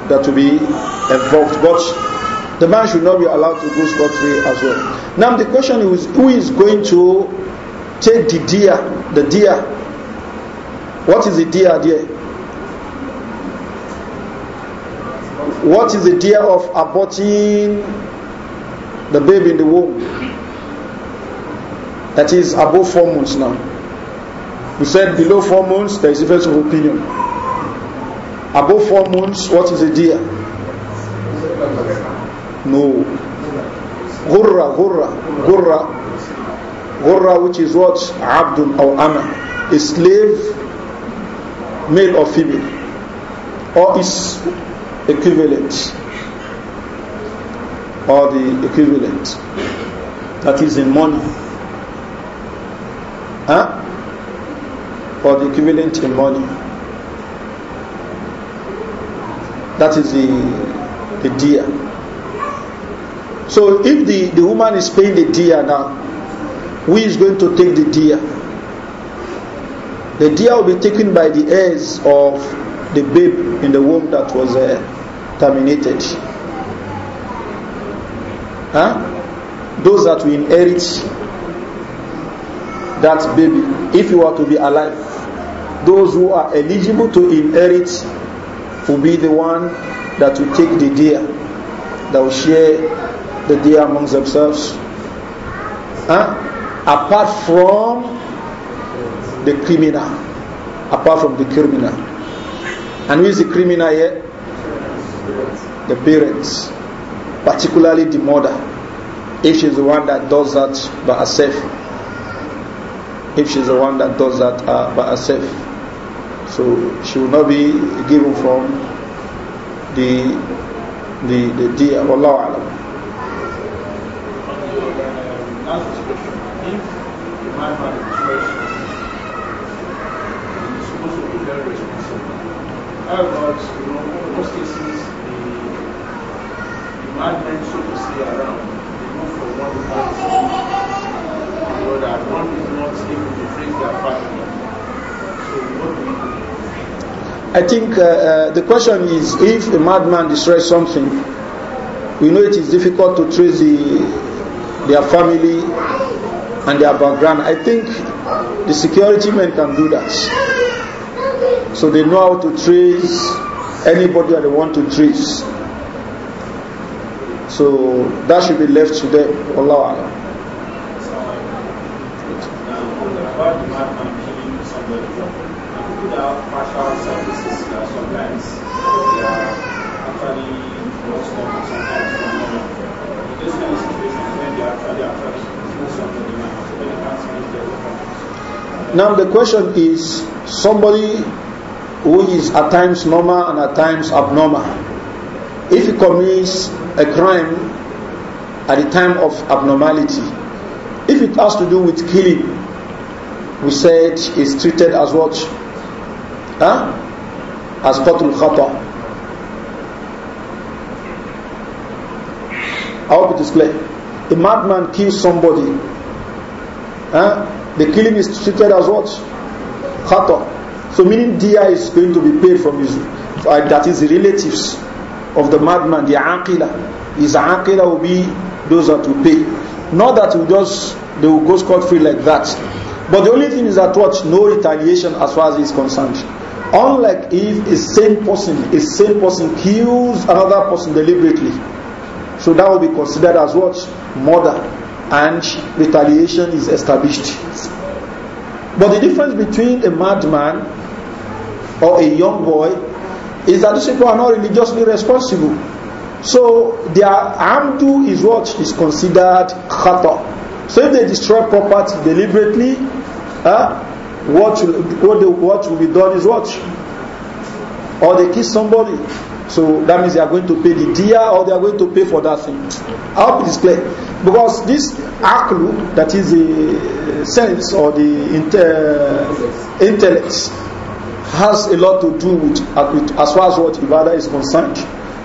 that will be involved. But the man should not be allowed to go scot free as well. Now the question is, who is going to take the deer? The deer. What is the deer? Deer What is the idea of aborting the baby in the womb? That is above four months now. We said below four months, there is difference of opinion. Above four months, what is the idea? No. Gurra, gurra, gurra. Gurra, which is what? Abdul or Ama. A slave, male or female. Or is equivalent or the equivalent that is in money huh? or the equivalent in money that is the the deer so if the the woman is paying the deer now who is going to take the deer the deer will be taken by the heirs of the babe in the womb that was there terminated. Huh? Those that will inherit that baby, if you are to be alive, those who are eligible to inherit will be the one that will take the deer, that will share the deer amongst themselves. Huh? Apart from the criminal. Apart from the criminal. And who is the criminal here? the parents, particularly the mother, if she's the one that does that by herself. If she's the one that does that uh, by herself. So she will not be given from the the the dear Allah Alam. How about I think uh, uh, the question is if a madman destroys something, we know it is difficult to trace the, their family and their background. I think the security men can do that. So they know how to trace anybody that they want to trace. So that should be left to them. Allah about the madman killing somebody, partial Now the question is somebody who is at times normal and at times abnormal. If he commits a crime at the time of abnormality, if it has to do with killing, we said is treated as what? Huh? As qatul khata. I hope it is clear. A madman kills somebody. Huh? The killing is treated as what? Khata. So meaning dia is going to be paid from his, uh, that is the relatives of the madman, the aqila. His aqila will be those that will pay. Not that will just, they will go scot-free like that. But the only thing is that what? No retaliation as far as he is concerned. Unlike if a same person, a same person kills another person deliberately. So that will be considered as what? Murder. and retaliation is established. But the difference between a madman or a young boy is that these people are not religiously responsible. So their amdu is what is considered khata. So if they destroy property deliberately, uh, what, will, what, will be done is what? Or they kill somebody, so that means they are going to pay the dia or they are going to pay for that thing. I hope it is clear. Because this aklu, that is the sense or the inter, uh, intellect, has a lot to do with, as far as what ibadah is concerned.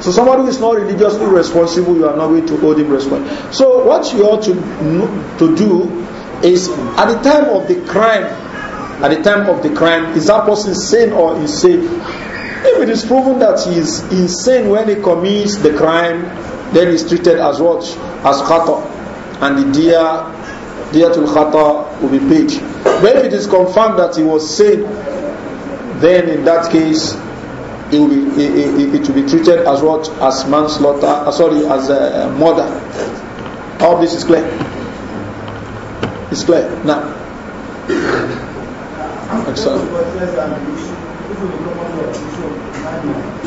So somebody who is not religiously responsible, you are not going to hold him responsible. So what you ought to, to do is at the time of the crime, at the time of the crime, is that person sane or insane? If it is proven that he is insane when he commits the crime, then he is treated as what? As khata. And the dia, tul khata will be paid. But if it is confirmed that he was sane, then in that case, it will be, it, it, it will be treated as what? As manslaughter, uh, sorry, as uh, murder. All this is clear. It's clear. Now. Excellent.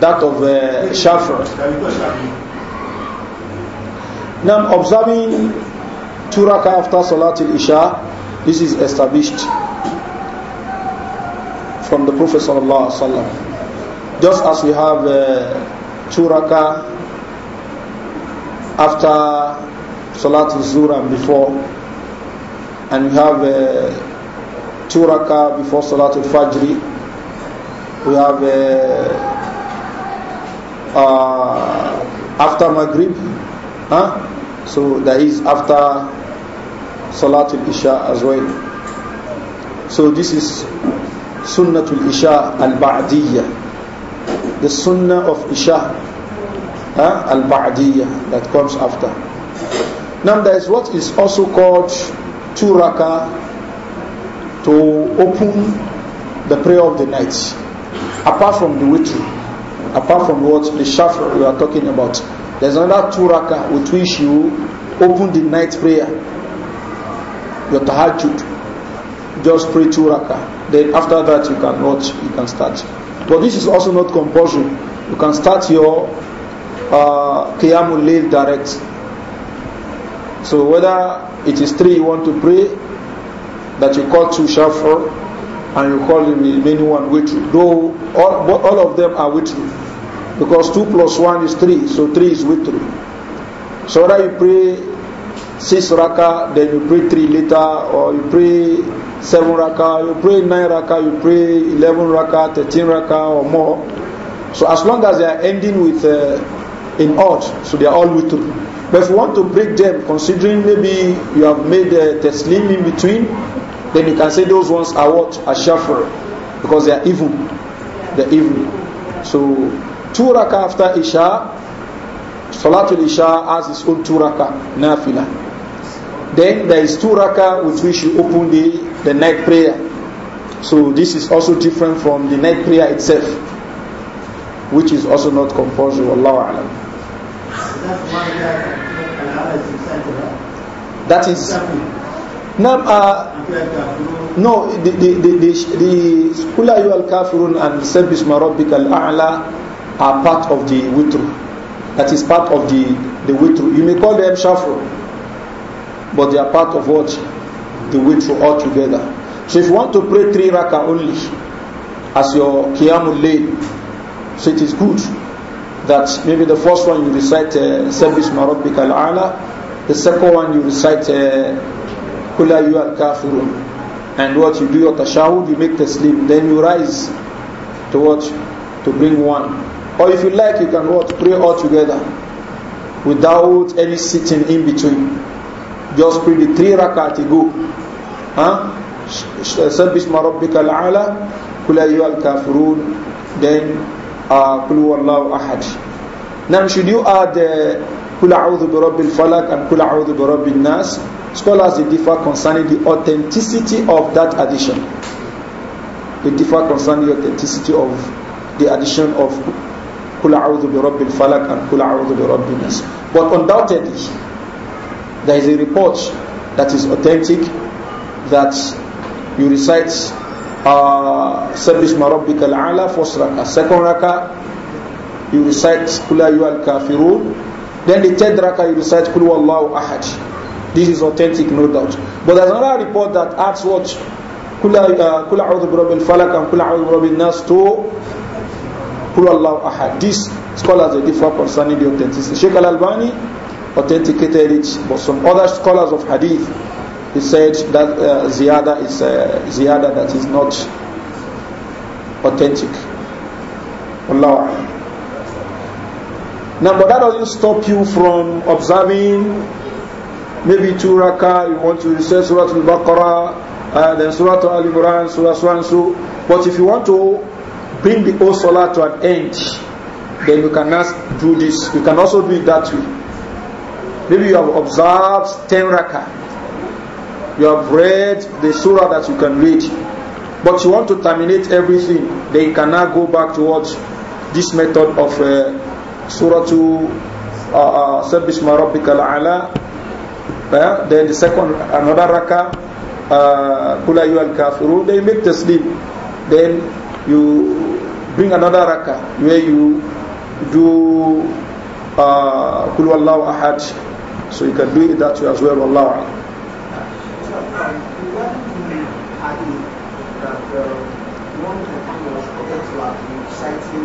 that of uh, Shafi. Now observing two after Salatul Isha, this is established from the Prophet sallallahu alaihi wasallam. Just as we have uh, after Salatul Zuhr and before, and we have uh, before Salatul Fajr, we have uh, uh, after Maghrib, huh? so that is after Salatul Isha as well. So this is Sunnatul Isha al-Ba'diyya, the Sunnah of Isha huh? al-Ba'diyya that comes after. Now there is what is also called Turaka to open the prayer of the night, apart from the witr apart from what the shafra we are talking about. There's another two raka with which you open the night prayer, your tahajjud. Just pray two raka. Then after that you can watch, you can start. But this is also not compulsory. You can start your uh, qiyamul direct. So whether it is three you want to pray, that you call two shafra. and you call the remaining one with you. Though all, all of them are with you. Because two plus one is three, so three is with you. So whether you pray six raka, then you pray three later, or you pray seven raka, you pray nine raka, you pray eleven raka, thirteen raka, or more. So as long as they are ending with uh, in odd, so they are all with you. But if you want to break them, considering maybe you have made a taslim in between, Then you can say those ones are what? shafir, Because they are evil. They're evil. So, two raka after Isha, Salatul Isha has its own two raka nafila. Then there is two raka with which you open the, the night prayer. So this is also different from the night prayer itself, which is also not compulsory. Wallahu alam. That is. Now, uh, No, the, the, the, the, the Yu al Kafirun and service Marabik al A'la are part of the witr. That is part of the, the witr. You may call them shafru, but they are part of what? The witr altogether. So if you want to pray three raka only as your Qiyamul Layl, so it is good that maybe the first one you recite uh, Sebis Marabik al A'la, the second one you recite. Uh, Kula, you are kafirun. And what you do your tashahud, you make taslim. Then you rise to watch To bring one. Or if you like, you can what? Pray all together without any sitting in between. Just pray the three rakat, you go. Huh? سبح اسم ربك الأعلى قل أيها الكافرون then uh, قل هو الله أحد now should you add uh, قل أعوذ برب الفلك and قل أعوذ برب nas. Scholars they differ concerning the authenticity of that addition. They differ concerning the authenticity of the addition of Kul A'udhu bi Rabbil Falak and Kul A'udhu bi Rabbil Nas. But undoubtedly, there is a report that is authentic that you recite uh, Sabbish Marabbika Al-A'la first rakah. Second raka. you recite Kul Ayyuhal Kafirun. Then the third raka you recite Kul allahu Ahad. This is authentic, no doubt. But there's another report that asks what? Kula uh, a'udhu bi falak and kula a'udhu bi nas to Kula Allah ahad. These scholars are differ concerning the authenticity. Sheikh Al-Albani authenticated it, but some other scholars of hadith, he said that uh, ziyada is uh, ziyada that is not authentic. Allah. Now, but that doesn't stop you from observing maybe two rakah, you want to recite Surah Al-Baqarah, uh, then Surah Al-Imran, Surah so and so. But if you want to bring the whole Salah to an end, then you cannot do this. You can also do it that way. Maybe you have observed 10 rakah. You have read the surah that you can read. But you want to terminate everything. Then you cannot go back towards this method of uh, surah to uh, uh, uh, then the second, another rakah, uh, Kula uh, al Kafiru, they make the sleep. Then you bring another rakah where you do uh, Kulu Allahu Ahad. So you can do it that way as well, Allah. Reciting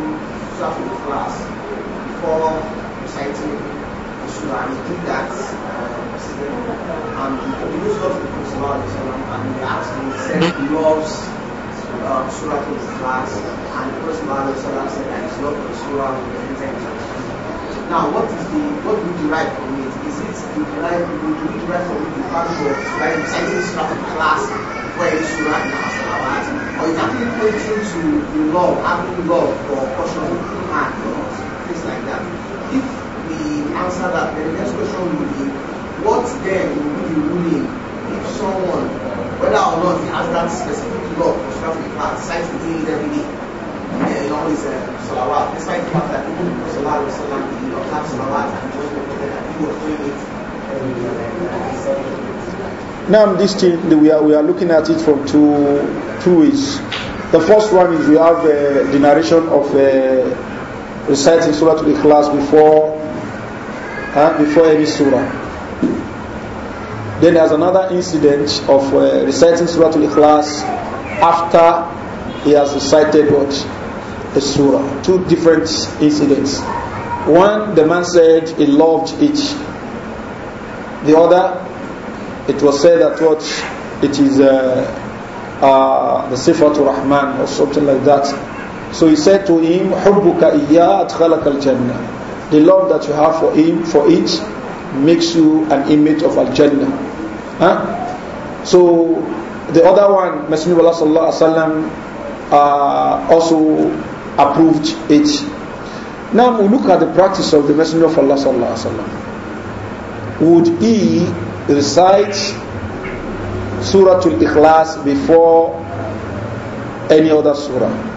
class before reciting the surah, and he did that and the use of the and the actually said he loves uh, Surah to his class and the Prophet said that his love for Surah with the intention. Now what is the what do we derive from it? Is it we derive do we derive from it the fact that of like reciting Surah to the class for a Surah in the Salawat? Or is actually pointing to the love, having love for portion of the man or things like that? If we answer that then the next question will be what then will be the ruling if someone, whether or not he has that specific law for Islamic part, cites within it every day? Yeah, in all his uh, salawat, despite the fact that even Sallallahu Alaihi Wasallam did not have salawat and he was reported that he was doing it every day. Now, this thing we are we are looking at it from two two ways. The first one is we have uh, the narration of uh, reciting Surah to the class before uh, before every surah. Then there's another incident of uh, reciting Surah Al-Ikhlas after he has recited what? The Surah. Two different incidents. One, the man said he loved it. The other, it was said that what? It is uh, uh, the Sifatul Rahman or something like that. So he said to him, حُبُّكَ إِيَّا Al Jannah. The love that you have for him, for it, makes you an image of Al-Jannah. Huh? So the other one, Messenger of Allah uh, also approved it. Now we look at the practice of the Messenger of Allah Would he recite Surah Al-Ikhlas before any other surah?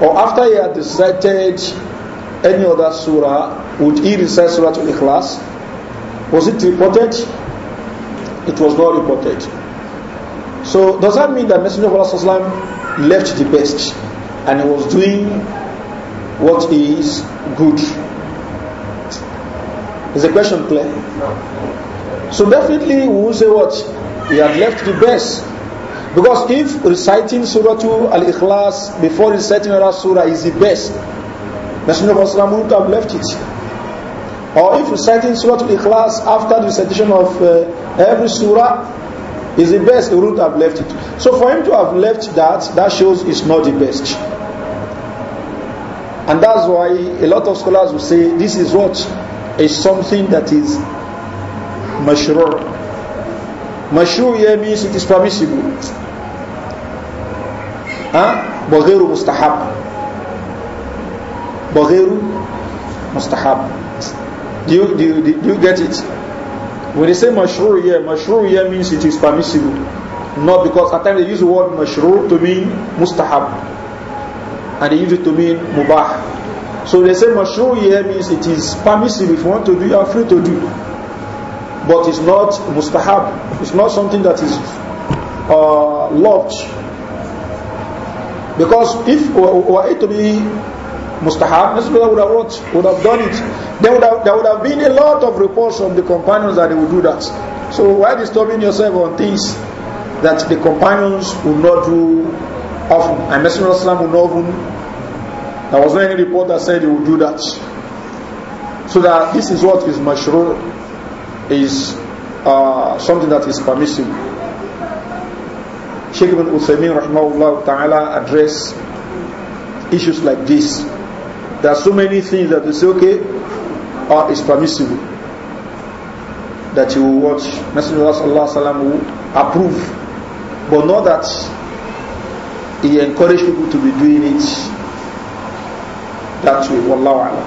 Or after he had recited any other surah, would he recite Surah Al-Ikhlas? Was it reported? it was not reported. So does that mean that Messenger of Allah left the best and he was doing what is good? Is the question clear? So definitely we will say what? He had left the best. Because if reciting Surah 2 Al-Ikhlas before reciting another surah is the best, Messenger of Allah would have left it. Or if reciting Surah to the class after the recitation of uh, every surah is the best, he wouldn't have left it. So for him to have left that, that shows it's not the best. And that's why a lot of scholars will say this is what is something that is mashrur. Mashrur here means it is permissible. Huh? But mustahab. But mustahab. Do you, do you, do you get it? When they say mashru yeah, mashru yeah means it is permissible. Not because at times they use the word mashru to mean mustahab. And they use it to mean mubah. So they say mashru yeah means it is permissible. If you want to do, you are free to do. But it's not mustahab. It's not something that is uh, loved. Because if were it to be mustahab, Messenger would have, would have done it. There would, have, there would have been a lot of reports from the companions that they would do that. So why disturbing yourself on things that the companions would not do often? And Messenger of Islam would not even. There was not any report that said he would do that. So that this is what is mashru is uh, something that is permissible. Sheikh Ibn Uthaymeen rahmahullah ta'ala address issues like this. There are so many things that we say, okay, or uh, is permissible that you watch Messenger of Allah Sallam will approve but not that he encouraged people to be doing it that way Wallahu Alam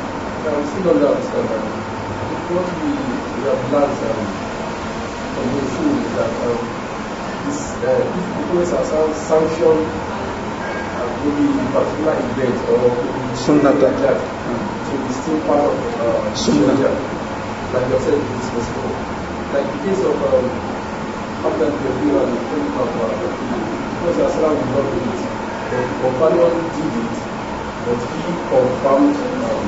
what sunnah that, still part of uh, Like you said, this was cool. Like in case of um, after the view and the thing of uh, because Asra will not do it, the companion did it, but he confirmed um,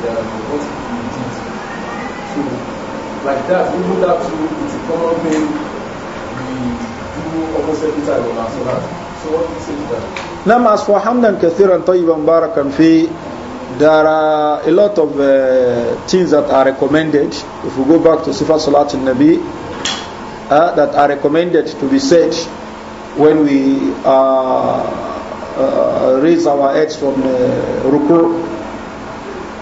that what he did. So, like that, even that too, it's a common thing we do almost every time on our Salat. So what it says that? نعم أصبح حمدا كثيرا طيبا مباركا فيه there are a lot of uh, things that are recommended. If we go back to Sifat Salat Nabi, uh, that are recommended to be said when we uh, uh raise our heads from uh,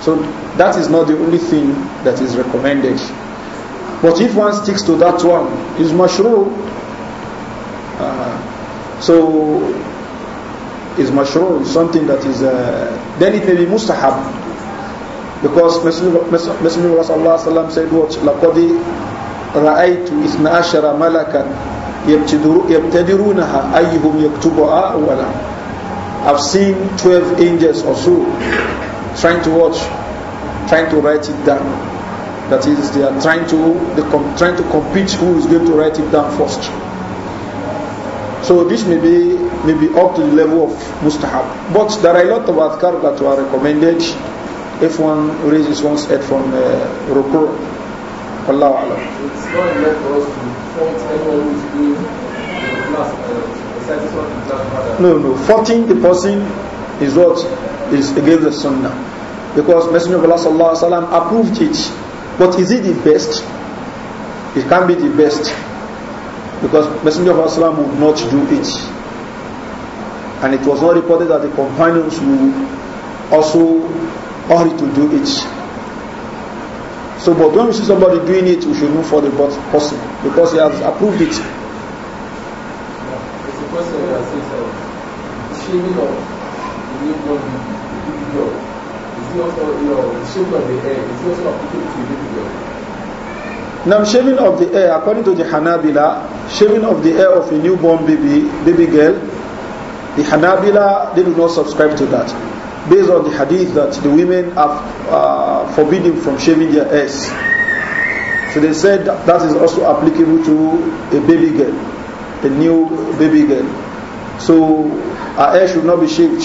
So that is not the only thing that is recommended. But if one sticks to that one, it's mashru. Uh, so is mashru, is something that is, uh, then it may be mustahab. Because Messenger of Allah said what? لَقَدِ رَأَيْتُ إِثْنَ عَشَرَ مَلَكًا يَبْتَدِرُونَهَا yaktubu يَكْتُبُهَا أَوَّلًا I've seen 12 angels or so trying to watch, trying to write it down. That is, they are trying to, they trying to compete who is going to write it down first. So this may be, may be up to the level of mustahab. But there are a lot of adhkar that are recommended if one raises one's head from uh, rukur. Allah Allah. It's not enough for us to fault anyone who's doing the class, uh, No, no. Faulting the person is what is against the sunnah. Because Messenger of Allah sallallahu alayhi wa approved it. But is it the best? It can be the best because Messenger of Allah would not do it. And it was not reported that the companions would also hurry to do it. So, but when we see somebody doing it, we should move for the person because he has approved it. a that says, shaving of the now, shaving of the hair, according to the Hanabila, shaving of the hair of a newborn baby, baby girl, the Hanabila they do not subscribe to that. Based on the hadith that the women are uh, forbidden from shaving their hairs. So they said that, that is also applicable to a baby girl, a new baby girl. So her hair should not be shaved.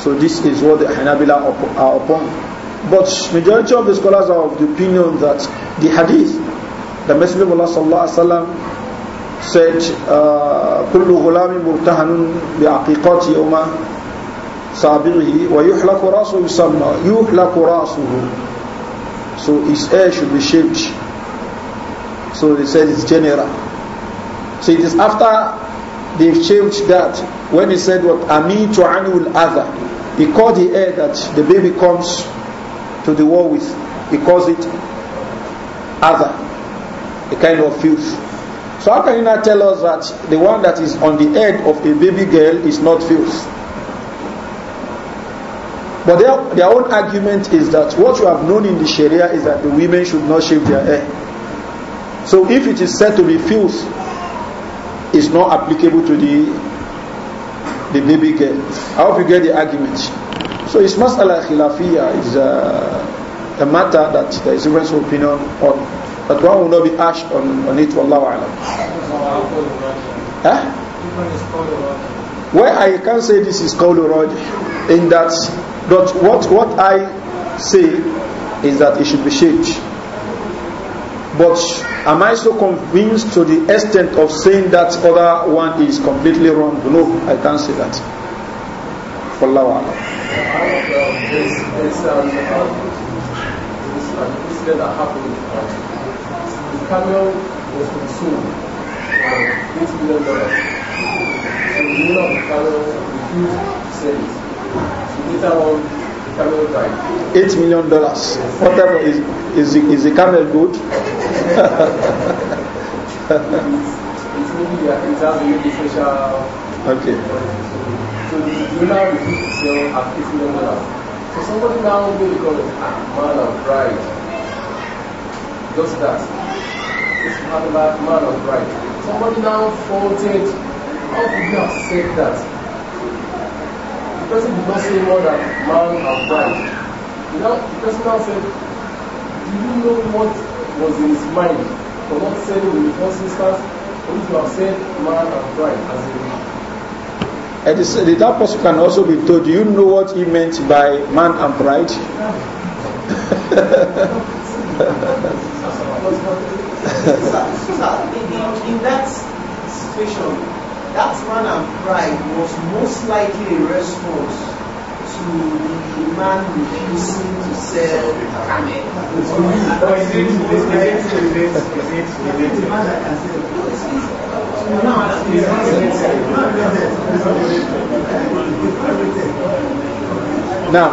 So this is what the Hanabila are upon. But majority of the scholars are of the opinion that the hadith, the Messenger of Allah sallallahu alaihi wasallam said, uh, كل غلام مرتهن بعقيقات يوم سابعه ويحلق راسه يسمى يحلق راسه So his hair should be shaved. So they said it's general. So it is after they've shaved that when he said what Ami to Anul other?' he called the hair that the baby comes to the war with. He calls it other, a kind of filth. So how can you not tell us that the one that is on the head of a baby girl is not filth? But their, their own argument is that what you have known in the Sharia is that the women should not shave their hair. So if it is said to be filth, it's not applicable to the the baby girl. I hope you get the argument. So it's mas'ala khilafiyah is a, uh, a matter that there is difference of opinion on. But one will not be ash on, on it, Wallahu alam. huh? Where I can say this is Qawlu Rajih, in that, but what, what I say is that it should be shaped. But am I so convinced to the extent of saying that other one is completely wrong? No, I can't say that. Wallahu alam. um, uh, Camel was consumed by eight million dollars. So the owner of camel refused to sell it. So later on, the died. Eight million dollars. Whatever is is is the camel good? it's, it's maybe it has special. Okay. So the owner refused to sell at eight million dollars. So somebody now will call it a ah, man of pride. Just that. is man, man of right. Somebody now faulted. How could you said that? The person did not say more than man of right. You know, the person now said, Do you know what was in his mind for not saying with the first instance? Or you have said man of right as a and this, that person can also be told, do you know what he meant by man and pride? sir, in, in, in that situation, that man and pride was most likely a response to the man refusing to sell the camel. Or is it related to this? Is it related to this? Now,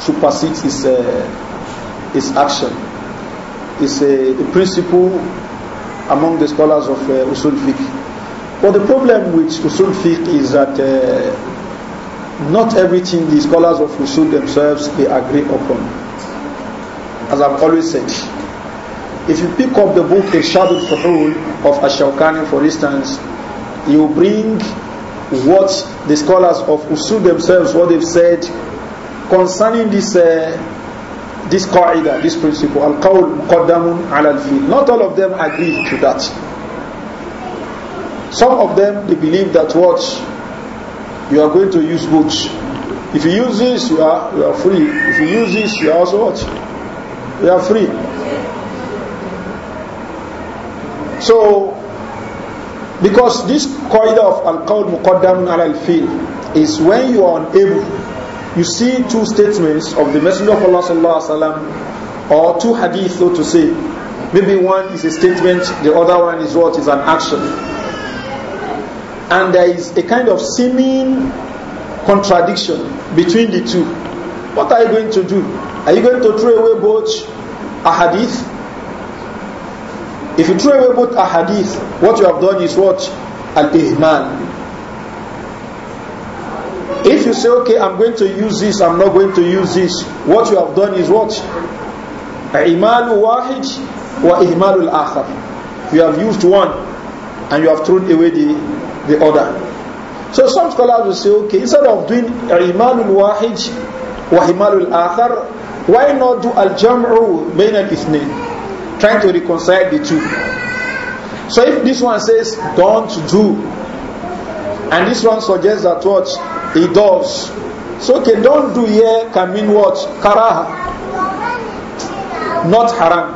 supersedes his, uh, his action. It's a, a, principle among the scholars of uh, Usul Fiqh. But the problem with Usul Fiqh is that uh, not everything the scholars of Usul themselves they agree upon. As I've always said, if you pick up the book Irshad al-Fuhul of ash for instance, you bring what the scholars of Usul themselves, what they've said concerning this uh, this qaida, this principle, al-qawl muqaddamun ala al-fil. Not all of them agree to that. Some of them they believe that what you are going to use both. If you use this, you are you are free. If you use this, you are also what? You are free. So, because this qaida of al-qawl muqaddamun ala al-fil is when you are unable you see two statements of the Messenger of Allah sallallahu alaihi wasallam, or two hadith, so to say. Maybe one is a statement, the other one is what is an action, and there is a kind of seeming contradiction between the two. What are you going to do? Are you going to throw away both a hadith? If you throw away both a hadith, what you have done is what al ihman If you say, okay, I'm going to use this, I'm not going to use this, what you have done is what? Imalu wahid wa ihmalul akhar. You have used one and you have thrown away the, the other. So some scholars will say, okay, instead of doing imalul wahid wa ihmalul akhar, why not do al-jam'u bain al-ithnain? Trying to reconcile the two. So if this one says, don't do And this one suggests that what? He does. So, okay, don't do here can mean what? Karaha. Not haram.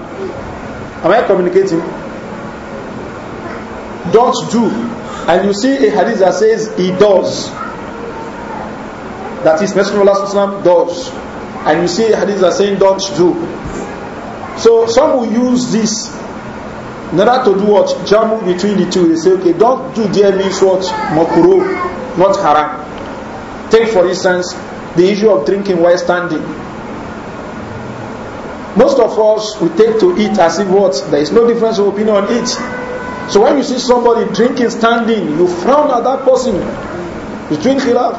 Am I communicating? Don't do. And you see a hadith that says he does. That is, Messenger Allah does. And you see a hadith that saying don't do. So some will use this in order to do what jamu between the two they say okay don't do there means what makruh not haram take for instance the issue of drinking while standing most of us we take to eat as if what there is no difference of opinion on it so when you see somebody drinking standing you frown at that person between khilaf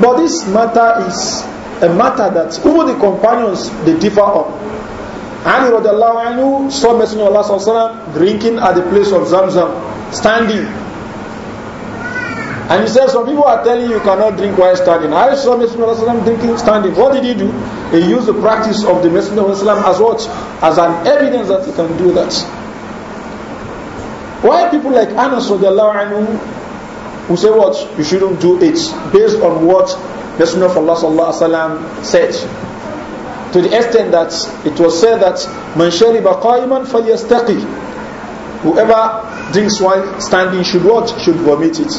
but this matter is a matter that even the companions they differ on Ali radiallahu anhu saw Messenger of Allah sallam, drinking at the place of Zamzam, standing. And he said, some people are telling you cannot drink while standing. I saw Messenger of Allah sallam, drinking standing. What did he do? He used the practice of the Messenger of Allah as what? As an evidence that he can do that. Why people like Anas radiallahu anhu who say what? You shouldn't do it based on what Messenger of Allah sallallahu said to the extent that it was said that man shariba qa'iman falyastaqi whoever drinks while standing should watch, should vomit it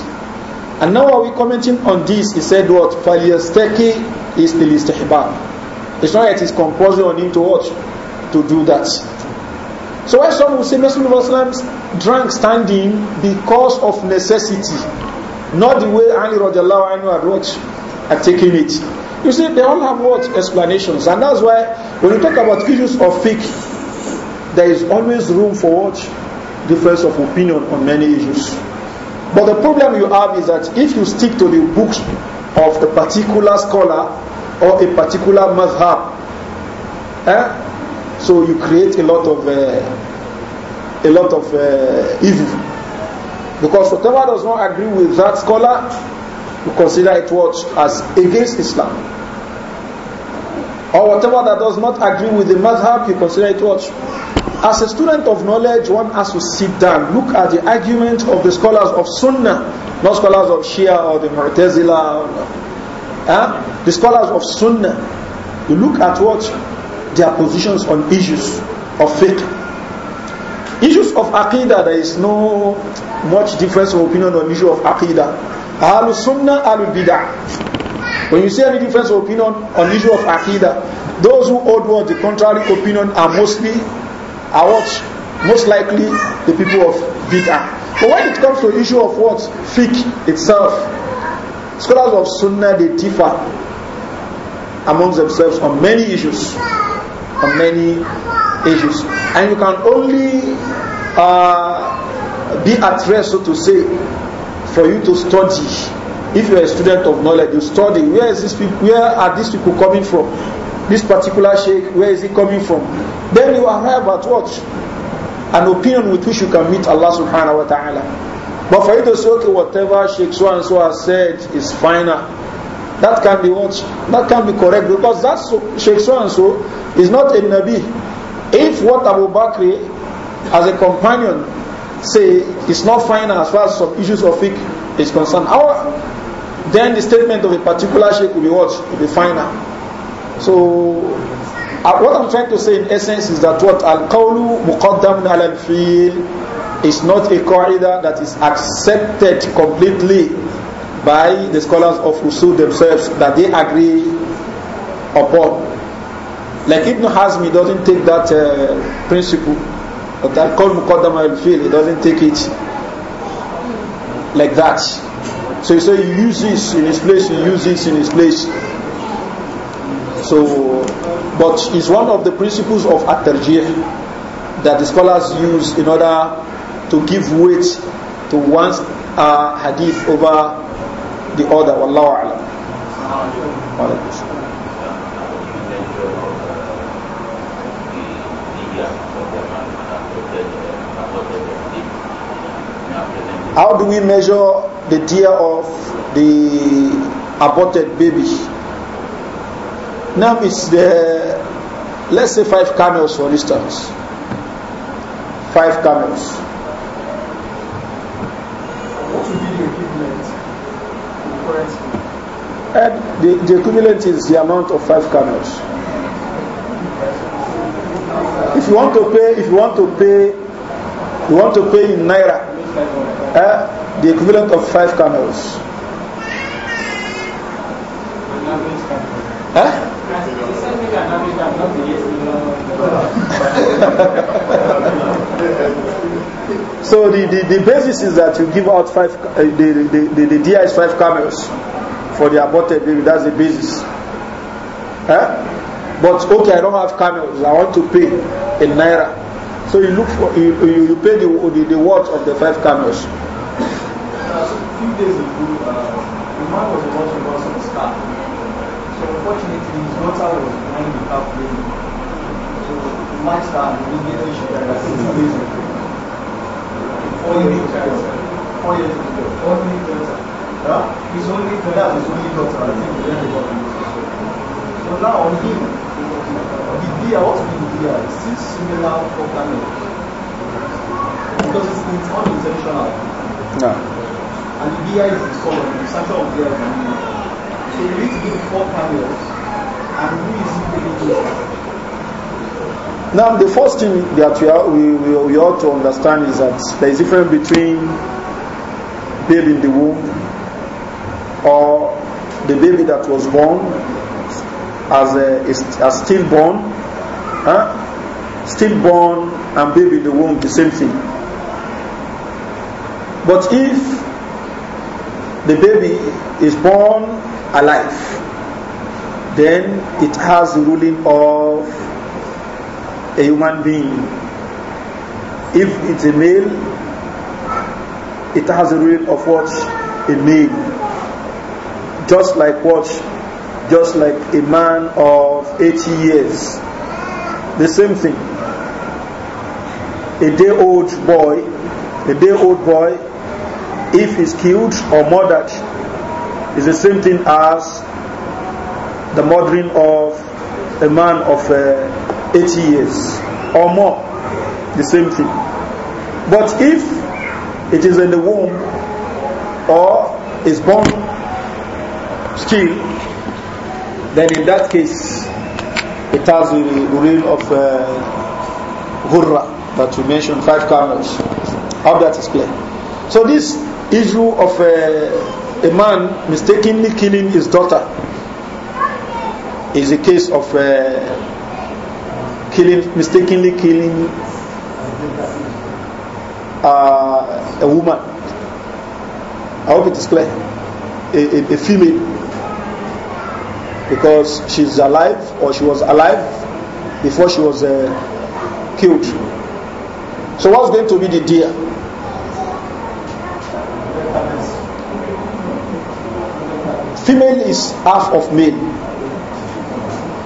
and now are we commenting on this he said what falyastaqi is the istihbab it's not that it's compulsory on him to what to do that so when some will say Muslim Muslims drank standing because of necessity not the way Ali radiallahu anhu had watched at taking it you see, they all have what? Explanations. And that's why when you talk about issues of fiqh, there is always room for what? Difference of opinion on many issues. But the problem you have is that if you stick to the books of a particular scholar or a particular madhab, eh, so you create a lot of uh, a lot of uh, evil. Because whatever does not agree with that scholar we consider it what as against Islam. Or whatever that does not agree with the madhab, you consider it what? As a student of knowledge, one has to sit down, look at the argument of the scholars of Sunnah, not scholars of Shia or the Mu'tazila, eh? the scholars of Sunnah. You look at what their positions on issues of faith, Issues of Aqidah, there is no much difference of opinion on issue of Aqidah. Ahlul Sunnah, Ahlul Bid'ah. When you see any difference of opinion on the issue of Aqidah, those who hold what the contrary opinion are mostly, are what? Most likely the people of Bid'ah. But when it comes to issue of what? Fiqh itself, scholars of Sunnah, they differ amongst themselves on many issues. On many issues. And you can only uh, be at rest, so to say, for you to study. If you are a student of knowledge, you study. Where is this? Where are these people coming from? This particular sheikh, where is he coming from? Then you arrive at what? An opinion with which you can meet Allah Subhanahu wa Taala. But for you to say, okay, whatever Sheikh so and so has said is final. That can be what? That can be correct because that so, Sheikh so and so is not a Nabi. If what Abu Bakr as a companion say it's not final as far as some issues of fiqh is concerned. Our, then the statement of a particular sheikh will be what? Will be final. So uh, what I'm trying to say in essence is that what al-qawlu muqaddam al-fi'l is not a qaida that is accepted completely by the scholars of usul themselves that they agree upon. Like Ibn Hazmi doesn't take that uh, principle but that call muqaddama al-fil, he doesn't take it like that. So you say you use this in his place, you use this in his place. So, but it's one of the principles of at-tarjih that the scholars use in order to give weight to one uh, hadith over the other. Wallahu a'lam. How do we measure the tear of the aborted baby? Now it's the, let's say five camels for instance. Five camels. What would be the equivalent And the, the equivalent is the amount of five camels. If you want to pay, if you want to pay, you want to pay in naira, Uh, the equivalent of five camels. Huh? Eh? so the, the, the basis is that you give out five, uh, the, the, the, the DI is five camels for the aborted baby, that's the basis. Huh? Eh? But okay, I don't have camels, I want to pay in Naira. So you look for you, you pay the, the, the worth of the five camels. Uh, so a few days ago, uh, the man was watching us on staff. So unfortunately, his daughter was behind the car playing. So the master immediately she died like two days ago. Four years ago. Four years ago. Four years daughter. Yeah? His only daughter was his only daughter. I think we learned about him. So now on him, the day I was here is still similar for damage. Because it's, it's unintentional. No. And the BI is discovered, the sanction of BI is unknown. So you need to give four camels. And who is he Now the first thing that we, are, we, we, we ought to understand is that there is a difference between babe in the womb or the baby that was born as a, as stillborn Huh? Stillborn and baby in the womb, the same thing. But if the baby is born alive, then it has the ruling of a human being. If it's a male, it has the ruling of what? A male. Just like what? Just like a man of 80 years the same thing. A day old boy, a day old boy, if he's killed or murdered, is the same thing as the murdering of a man of uh, 80 years or more. The same thing. But if it is in the womb or is born still, then in that case, it has the urine of uh, that you mentioned, five camels. How that is clear. So this issue of uh, a man mistakenly killing his daughter is a case of uh, killing, mistakenly killing uh, a woman. I hope it is clear. a, a, a female because she's alive or she was alive before she was uh, killed. So what's going to be the deal? Female is half of male,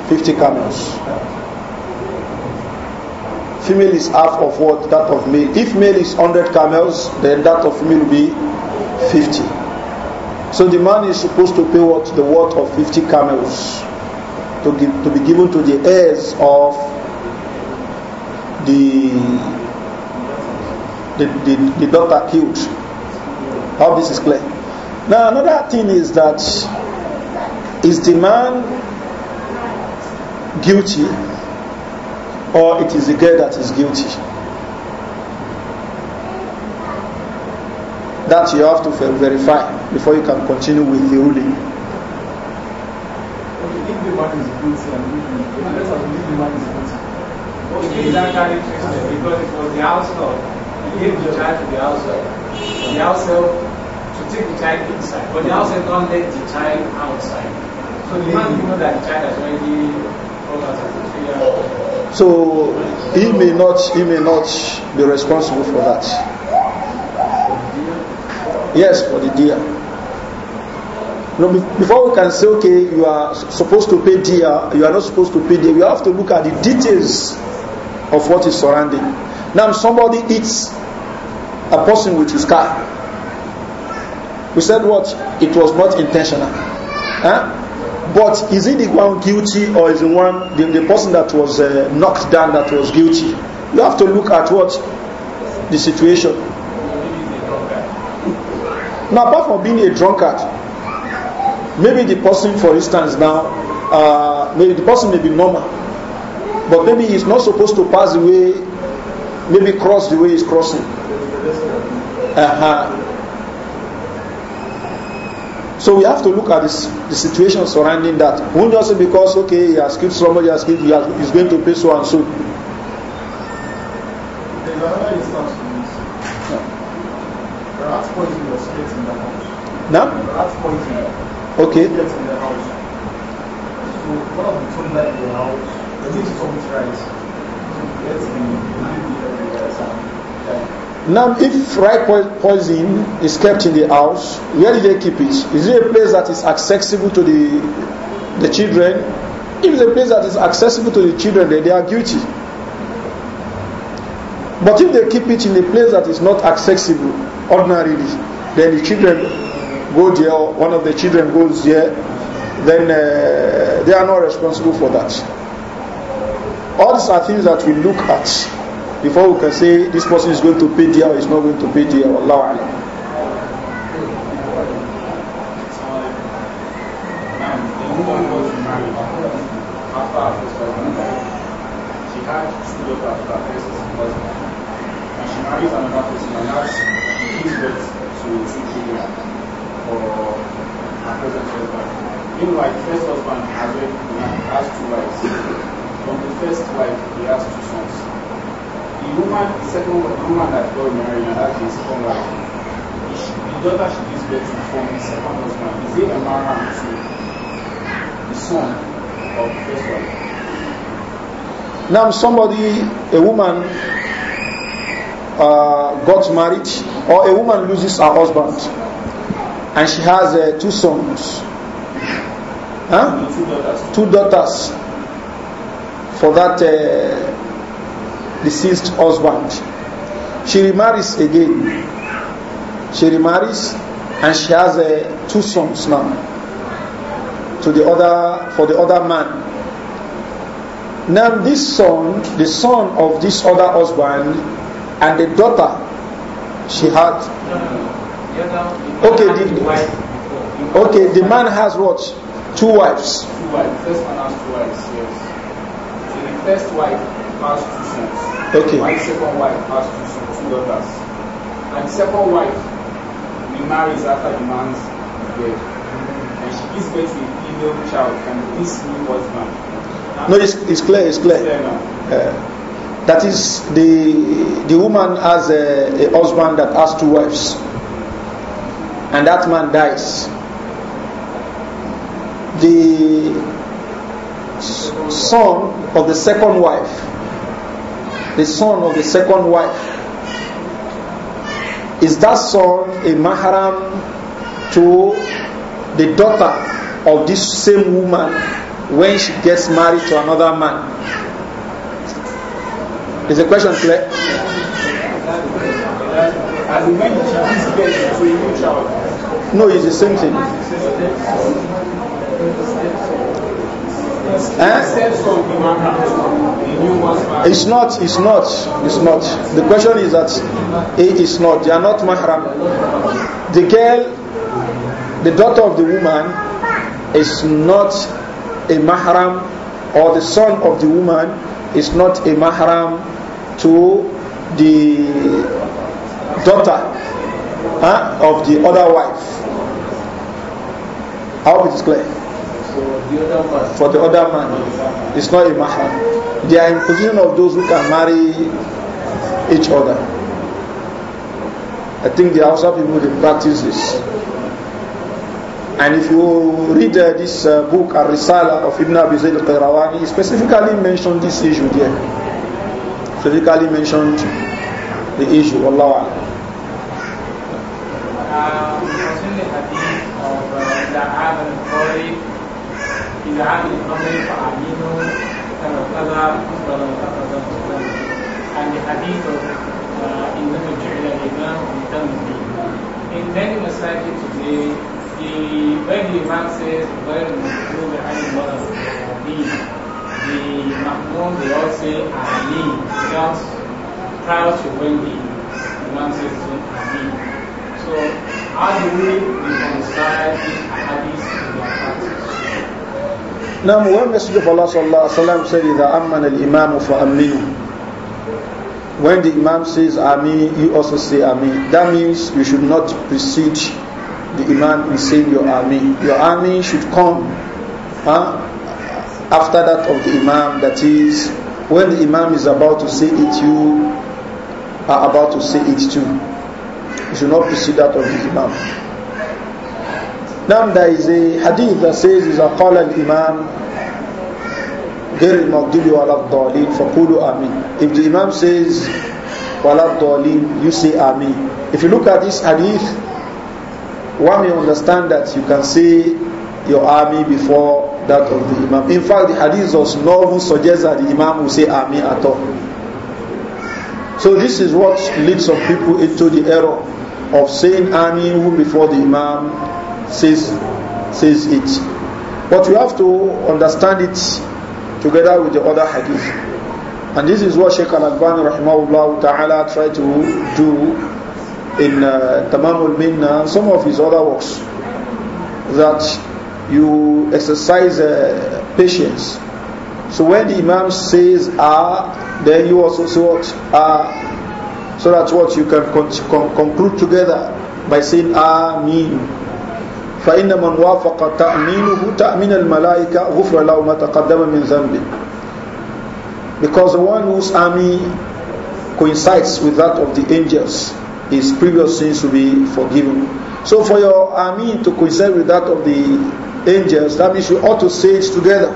50 camels. Female is half of what that of male. If male is 100 camels, then that of female will be 50. So the man is supposed to pay what the worth of 50 camels to, give, to be given to the heirs of the, the, the, the daughter killed. How this is clear. Now another thing is that is the man guilty or it is the girl that is guilty? That you have to verify before you can continue with the ruling. the is is what is Because it was the outside. He gave the child to the The the child inside, but the not let the child outside. So the man you that the child has already So he may not he may not be responsible for that. Yes, for the deer. No, before we can say, okay, you are supposed to pay deer, you are not supposed to pay deer, you have to look at the details of what is surrounding. Now, somebody eats a person with his car. We said what? It was not intentional. Huh? But is it the one guilty or is the one the, the person that was uh, knocked down that was guilty? You have to look at what the situation. Now, apart from being a drunkard, maybe the person, for instance, now, uh, maybe the person may be normal, but maybe he's not supposed to pass the way, maybe cross the way he's crossing. Uh-huh. So we have to look at this, the situation surrounding that. Won't just say because, okay, he has killed somebody, he has killed, he has, he's going to pay so and so. Okay. in the house. So to Now, if ripe poison is kept in the house, where do they keep it? Is it a place that is accessible to the the children? If it's a place that is accessible to the children, then they are guilty. But if they keep it in a place that is not accessible ordinarily, then the children go there, one of the children goes there, then uh, they are not responsible for that. All these are things that we look at before we can say this person is going to pay there or is not going to pay there. Allah Now, somebody, a woman, uh, got married, or a woman loses her husband, and she has uh, two sons, huh? two, daughters. two daughters for that uh, deceased husband. She remarries again. She remarries, and she has uh, two sons now to the other for the other man now this son, the son of this other husband and the daughter she had. Okay, the, okay, the man has what? Two wives. Two wives. First man has two wives, yes. So the first wife has two sons. Okay. And second wife has two sons, two daughters. And the second wife remarries after the man's dead. And she gives birth to a female child from this new husband. No, it's, it's clear, it's clear. Uh, that is, the the woman has a, a husband that has two wives, and that man dies. The son of the second wife, the son of the second wife, is that son a mahram to the daughter of this same woman when she gets married to another man? Is the question clear? No, it's the same thing. Eh? It's not, it's not, it's not. The question is that it is not, they are not mahram. The girl, the daughter of the woman, is not a mahram or the son of the woman is not a mahram to the daughter huh, of the other wife. I hope it is clear. For the other man, it's not a mahram. They are in position of those who can marry each other. I think the Hausa people they practice this. And if you read uh, this uh, book, Ar-Risala of Ibn Abi Zayd al-Qayrawani, specifically mentioned this issue there. Specifically mentioned the issue, Allah uh, the hadith of Da'ab al the hadith of imam Inna Muj'ila in many masajid today, the Bagli Imam says, well, go behind the mother Ali. The Mahmoud, they all say Ali, without prior to when the Imam says to Ali. So, how do we reconcile these hadiths in their practice? Now, when Messenger of Allah sallallahu alaihi wasallam said, "Ida amman al imam fa aminu," when the imam says "Ami," you also say "Ami." That means you should not precede the Imam is saying your army. Your army should come huh, after that of the Imam. That is, when the Imam is about to say it, you are about to say it too. You should not precede that of the Imam. Now there is a hadith that says إذا قال الإمام غير المغضوب ولا الضالين فقولوا آمين If the Imam says ولا الضالين you say آمين If you look at this hadith One may understand that you can say your army before that of the Imam. In fact, the hadith does not even suggest that the Imam will say army at all. So this is what leads some people into the error of saying army even before the Imam says says it. But you have to understand it together with the other hadith. And this is what Sheikh Al-Albani rahimahullah ta'ala tried to do in uh, Minna and some of his other works that you exercise uh, patience. So when the Imam says ah, then you also say what ah, so that's what you can con con conclude together by saying Ameen. فإن من وافق تأمينه تأمين الملائكة غفر له ما تقدم من ذنبه because the one whose army coincides with that of the angels his previous sins will be forgiven. So for your Amin to coincide with that of the angels, that means you ought to say it together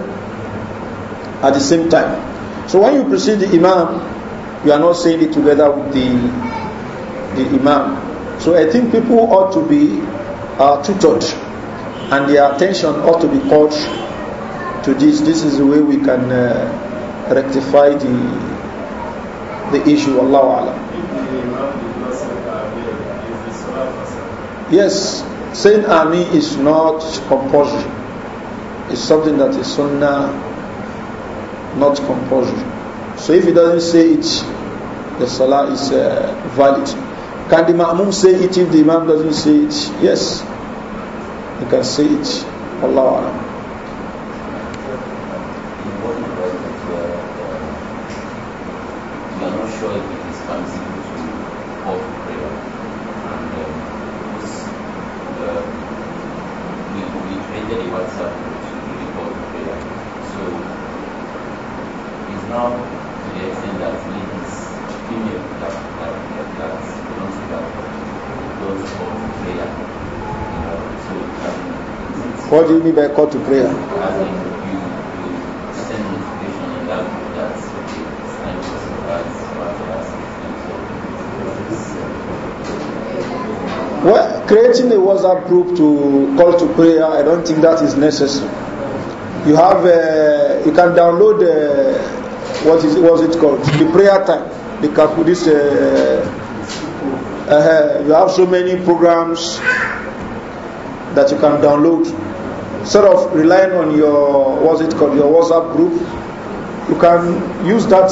at the same time. So when you precede the Imam, you are not saying it together with the, the Imam. So I think people ought to be uh, tutored and their attention ought to be called to this. This is the way we can uh, rectify the, the issue. Allahu Alam. Yes, saying Amin is not compulsory. It's something that is sunnah, not compulsory. So if he doesn't say it, the salah is uh, valid. Can the ma'mum say it if the imam doesn't say it? Yes, he can say it. Allah Allah. me back call to prayer. Well, creating a WhatsApp group to call to prayer, I don't think that is necessary. You have, uh, you can download uh, what is it called? The prayer time. The this, uh, uh, uh, you have so many programs that you can download instead of relying on your what's it called your WhatsApp group, you can use that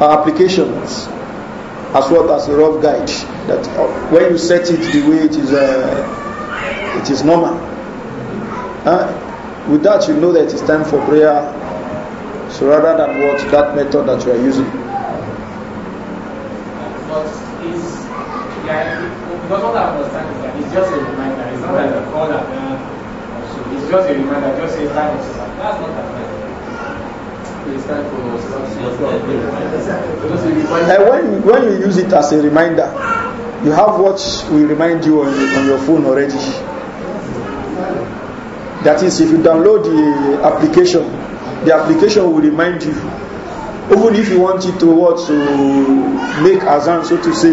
uh, applications as well as a rough guide that uh, when you set it the way it is uh, it is normal. Uh, with that you know that it's time for prayer. So rather than what that method that you are using. But is yeah, because what I understand is that it's just a reminder. It's not like a call that. Uh, just a reminder, when, when you use it as a reminder, you have what will remind you on, on your phone already. That is, if you download the application, the application will remind you. Even if you want it to what to make azan, so to say,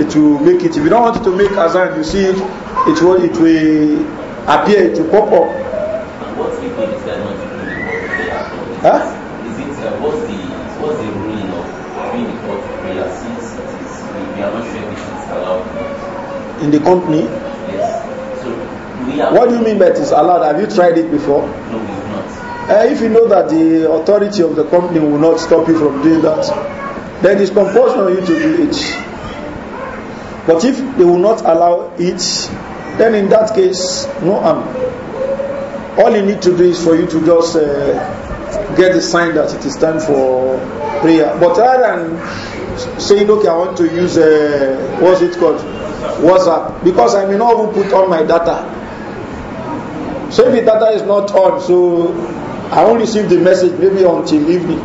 it will make it. If you don't want it to make azan, you see it, it will it will appear to pop up. what's the is that not huh? Is it uh, what's the what's the ruling of being in court prayer since it is we are not sure if it is allowed? In the company? Yes. So we are What do you mean by it is allowed? Have you tried it before? No, we have not. Uh, if you know that the authority of the company will not stop you from doing that, then it's compulsion on you to do it. But if they will not allow it, then in that case, no harm. All you need to do is for you to just uh, get the sign that it is time for prayer. But rather than saying, okay, I want to use, uh, what's it called? WhatsApp. Because I may not even put on my data. So if the data is not on, so I won't receive the message maybe until evening.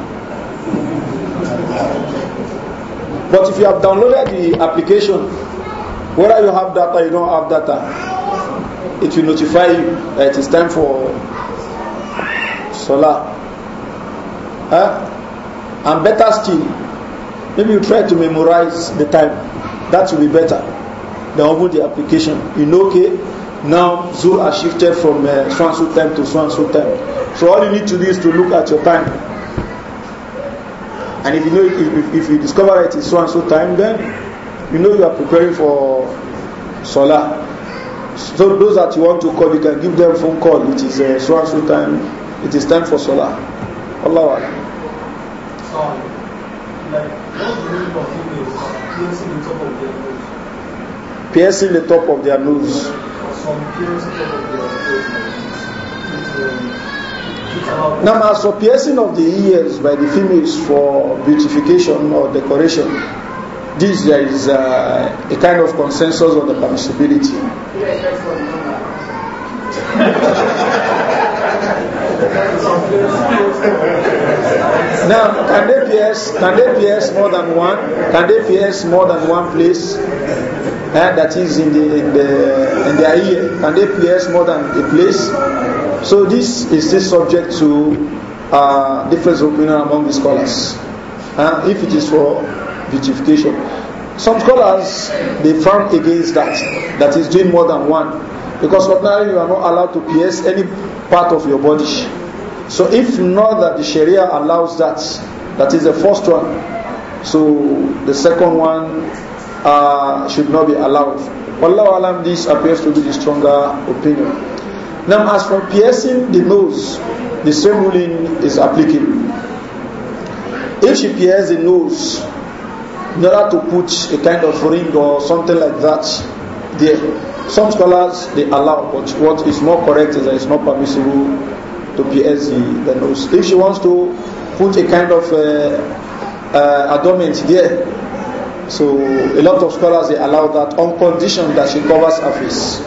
But if you have downloaded the application, Whether you have data or you don't have data, it will notify you that it is time for Salah. Huh? And better still, maybe you try to memorize the time. That will be better than open the application. You know, okay, now Zoom has shifted from uh, so and so time to so and so time. So all you need to do is to look at your time. And if you know if, if, if you discover it is so and so time, then you know you are preparing for Salah. So those that you want to call, you can give them phone call. It is uh, so and so time. It is time for Salah. Allah Allah. Sorry. Like, what's the meaning of females piercing the top of their nose? Piercing the top of their nose. Uh, Now, as for piercing of the ears by the females for beautification or decoration, this there is uh, a kind of consensus on the permissibility. now, can they pierce? Can they pierce more than one? Can they pierce more than one place? Uh, that is in the in the in their ear. Can they pierce more than a place? So this is this subject to uh, difference of opinion among the scholars. Uh, if it is for beautification. Some scholars, they firm against that, that is doing more than one. Because ordinarily you are not allowed to pierce any part of your body. So if not that the Sharia allows that, that is the first one. So the second one uh, should not be allowed. Allah alam, this appears to be the stronger opinion. Now as for piercing the nose, the same ruling is applicable. If she pierces the nose, in order to put a kind of ring or something like that there. Some scholars they allow, but what is more correct is that it's not permissible to pierce the, the nose. If she wants to put a kind of uh, uh, adornment there, so a lot of scholars they allow that on condition that she covers her face.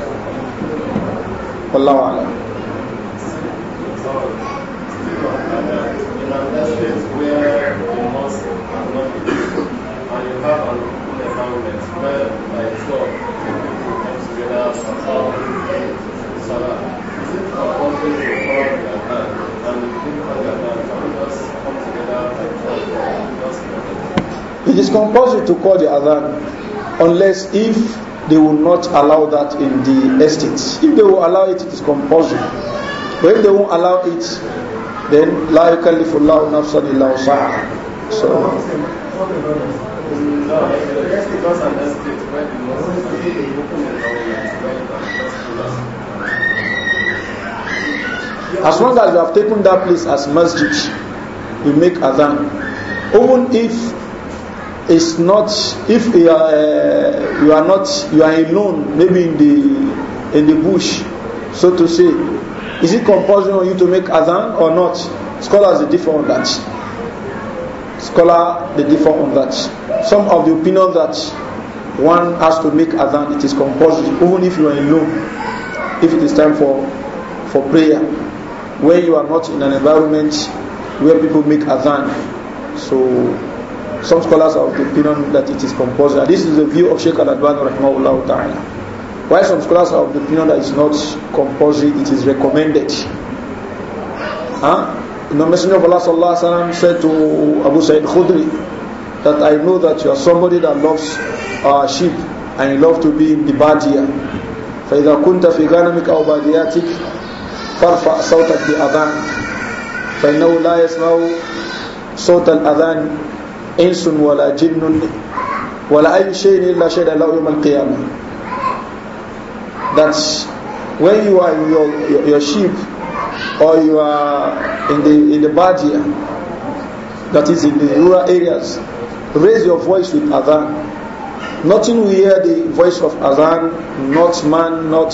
It is compulsory to call the other unless if they will not allow that in the estates. If they will allow it, it is compulsory. When they won't allow it, then la yukallifullahu nafsan illa So... As long as you have taken that place as masjid, you make adhan. Even if it's not if you are, uh, you are not you are alone maybe in the in the bush so to say is it compulsory on you to make adhan or not scholars differ on that Scholar, they differ on that. Some of the opinion that one has to make adhan, it is compulsory, even if you are alone, if it is time for, for prayer, where you are not in an environment where people make adhan. So some scholars are of the opinion that it is compulsory. And this is the view of Sheikh Al-Adwan rahimahullah ta'ala. While some scholars are of the opinion that it's not compulsory, it is recommended. Huh? the Messenger of Allah sallallahu said to Abu Sa'id Khudri that I know that you are somebody that loves uh, sheep and you love to be in the badia. فإذا كنت في غنمك أو بادياتك فارفع صوتك بأذان فإنه لا يسمع صوت الأذان إنس ولا جن ولا أي شيء إلا شيء لا يوم القيامة. That when you are in your, your, your sheep or you are in the in the bad that is in the rural areas, raise your voice with adhan. Nothing will hear the voice of adhan, not man, not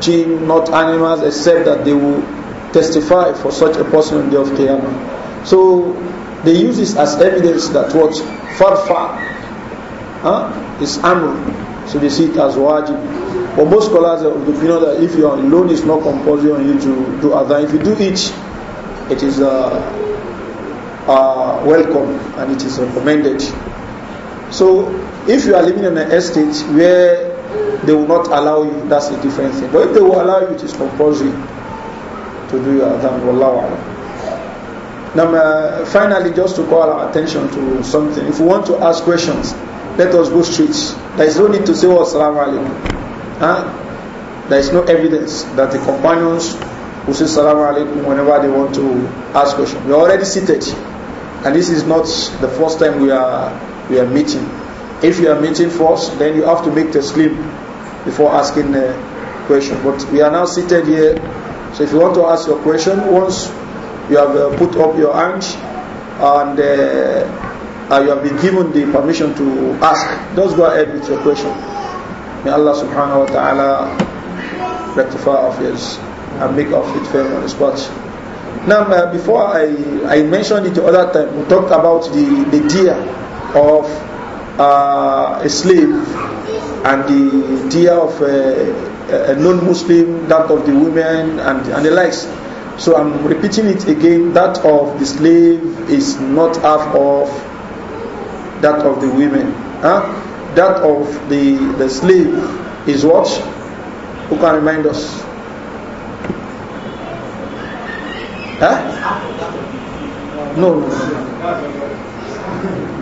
jinn, not animals, except that they will testify for such a person on the day of Qiyamah. So they use this as evidence that what farfa huh, is amr, So they see it as wajib. But most scholars are of the opinion that if you are alone, it's not compulsory on you to do other. If you do it, it is uh, uh, welcome and it is recommended. So if you are living in an estate where they will not allow you, that's a different thing. But if they will allow you, it is compulsory to do your adhan. Wallahu alam. Now, uh, finally, just to call our attention to something. If you want to ask questions, let us go straight. There is no need to say, oh, Salaam Alaikum. Huh? There is no evidence that the companions will say Salaam Alaikum whenever they want to ask questions. We are already seated. And this is not the first time we are, we are meeting. If you are meeting first, then you have to make the sleep before asking a question. But we are now seated here. So if you want to ask your question, once you have uh, put up your hand and uh, uh, you have been given the permission to ask. Just go ahead with your question. May Allah subhanahu wa ta'ala rectify our affairs and make our feet firm on the spot. Now, uh, before I, I mentioned it the other time, we talked about the, the deer of uh, a slave and the deer of uh, a, a non-Muslim, that of the women and, and the likes. So I'm repeating it again, that of the slave is not half of that of the women. Huh? That of the, the slave is what? Who can remind us? Huh? No, no,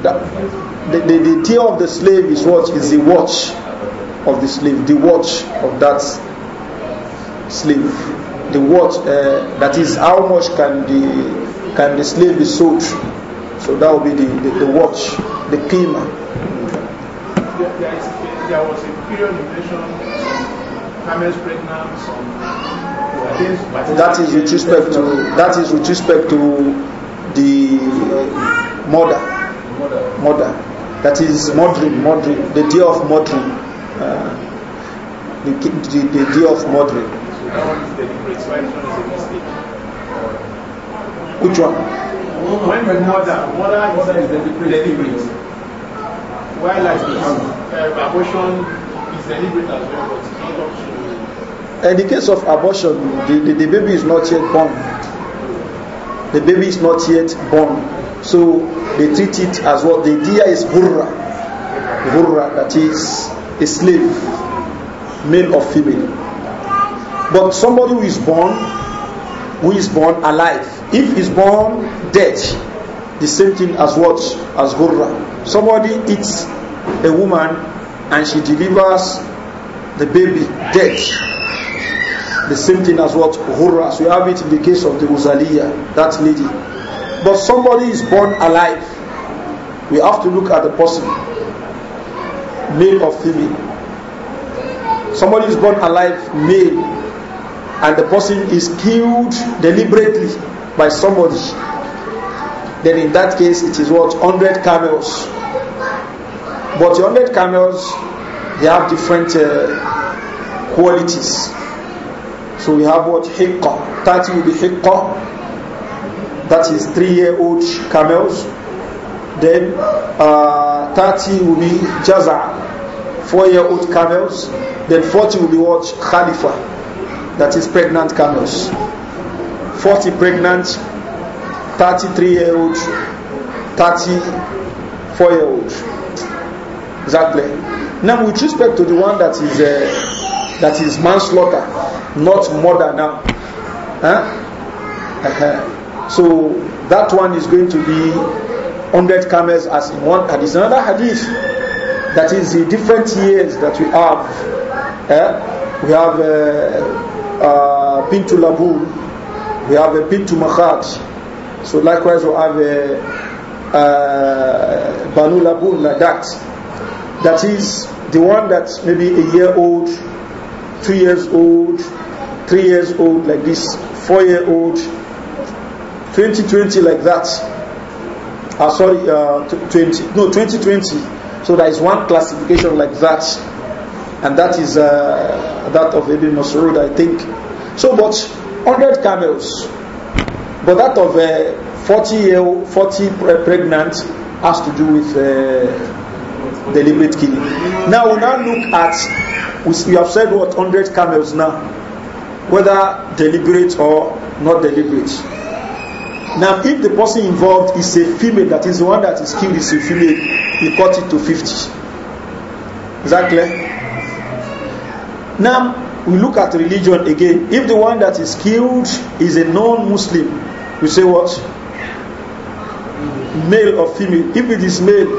That, the, the, the tear of the slave is what? Is the watch of the slave, the watch of that slave. The watch, uh, that is how much can the, can the slave be sold so that will be the, the, the watch the qima. There, there, is, there was a period you mentioned camels pregnant, that is with respect to that is with respect to the uh, mother, mother. that is murdering murdering the day of murdering uh, the, the, the day of murdering which one When the mother, mother is the deliberate. Why like this? Uh, abortion is deliberate as well, but it's not up to. Uh, in the case of abortion, the, the, the baby is not yet born. The baby is not yet born. So they treat it as what the idea is burra. Burra, that is a slave, male or female. But somebody who is born, who is born alive, if he's born dead, the same thing as what? As Gurra. Somebody eats a woman and she delivers the baby dead. The same thing as what? Gurra. So we have it in the case of the Uzaliya, that lady. But somebody is born alive. We have to look at the person, male or female. Somebody is born alive, male, and the person is killed deliberately by somebody, then in that case it is what 100 camels. But the 100 camels, they have different uh, qualities. So we have what hikka, 30 will be hikka, that is three-year-old camels. Then uh, 30 will be jaza, four-year-old camels. Then 40 will be what khalifa, that is pregnant camels. 40 pregnant, 33 year old, 34 year old. Exactly. Now, with respect to the one that is uh, that is manslaughter, not murder now. Huh? Uh-huh. So that one is going to be 100 camels as in one hadith. Another hadith that is the different years that we have. Eh? We have uh, uh, Pintu Labul, we have a to Makhaj. So likewise we have a Banu Labun like that. That is the one that's maybe a year old, two years old, three years old like this, four year old, 2020 like that. Uh, sorry, uh, 20, no, 2020. So there is one classification like that. And that is uh, that of Ibn Masrud, I think. So, but 100 camels. But that of a uh, 40 year 40 pregnant has to do with uh, deliberate killing. Now we now look at, we have said what, 100 camels now, whether deliberate or not deliberate. Now, if the person involved is a female, that is the one that is killed is a female, he cut it to 50. Exactly. Now, we look at religion again. If the one that is killed is a non Muslim, we say what? Male or female. If it is male,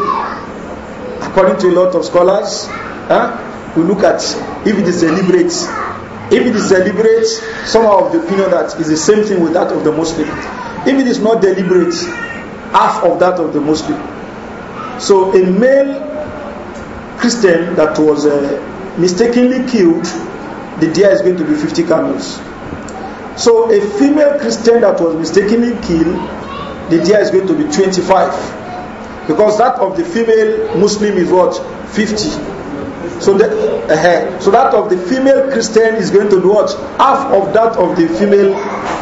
according to a lot of scholars, huh, we look at if it is deliberate. If it is deliberate, some of the opinion that is the same thing with that of the Muslim. If it is not deliberate, half of that of the Muslim. So a male Christian that was uh, mistakenly killed the deer is going to be 50 camels. So a female Christian that was mistakenly killed, the deer is going to be 25. Because that of the female Muslim is what? 50. So, the, uh, so that of the female Christian is going to be what? Half of that of the female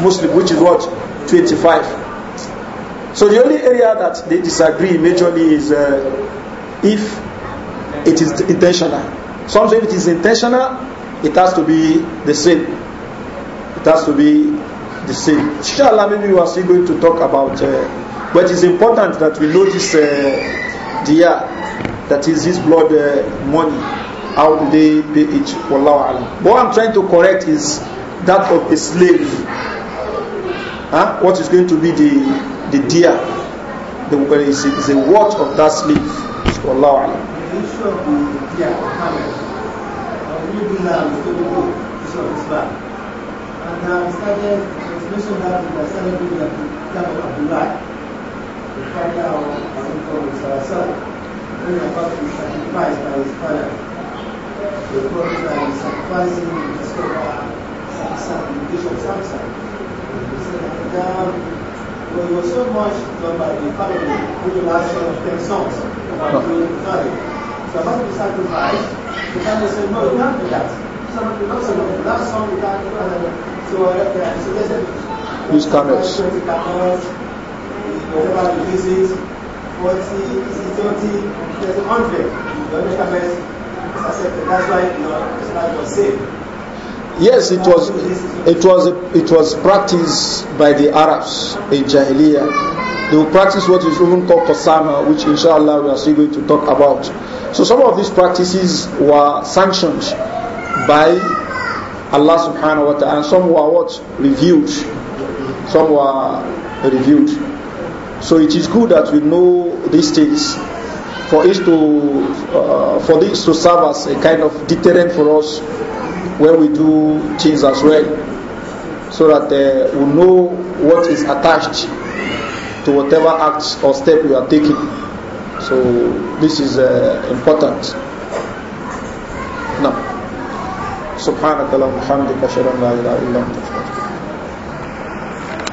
Muslim, which is what? 25. So the only area that they disagree majorly is uh, if it is intentional. Some say it is intentional, it has to be the same. It has to be the same. Inshallah, maybe we are still going to talk about, uh, but it's important that we know this uh, dia, that is his blood uh, money. How do they pay it? Wallahu alam. What I'm trying to correct is that of a slave. Huh? What is going to be the the dia? The, is, is a watch of that slave. Wallahu alam do uh, now is to do issue of Islam. And I started, it's mentioned that I started doing that in the time of Abdullah, the father of Abu Sarasar, when the father was sacrificed by his father. The prophet was sacrificing to discover Samson, the of Samson. He said that the um, well, was so much loved by the family, who the last son of ten sons, about doing the father. Somebody decide to rise, the family said, no, you have to dance. Somebody not so much, song So, yeah, so they said, use cameras. 20 cameras, whatever 40, there's 100. The cameras accepted. That's why you know, it's not your Yes, it was it was it was practiced by the Arabs in Jahiliyyah. They would practice what is even called kasama, which inshallah we are still going to talk about. So some of these practices were sanctioned by Allah subhanahu wa ta'ala and some were what? Reviewed. Some were reviewed. So it is good that we know these things for it to uh, for this to serve as a kind of deterrent for us when we do things as well so that uh, we know what is attached to whatever acts or step we are taking. So this is uh, important. Now, سبحانك اللهم وبحمدك اشهد ان لا اله الا انت استغفرك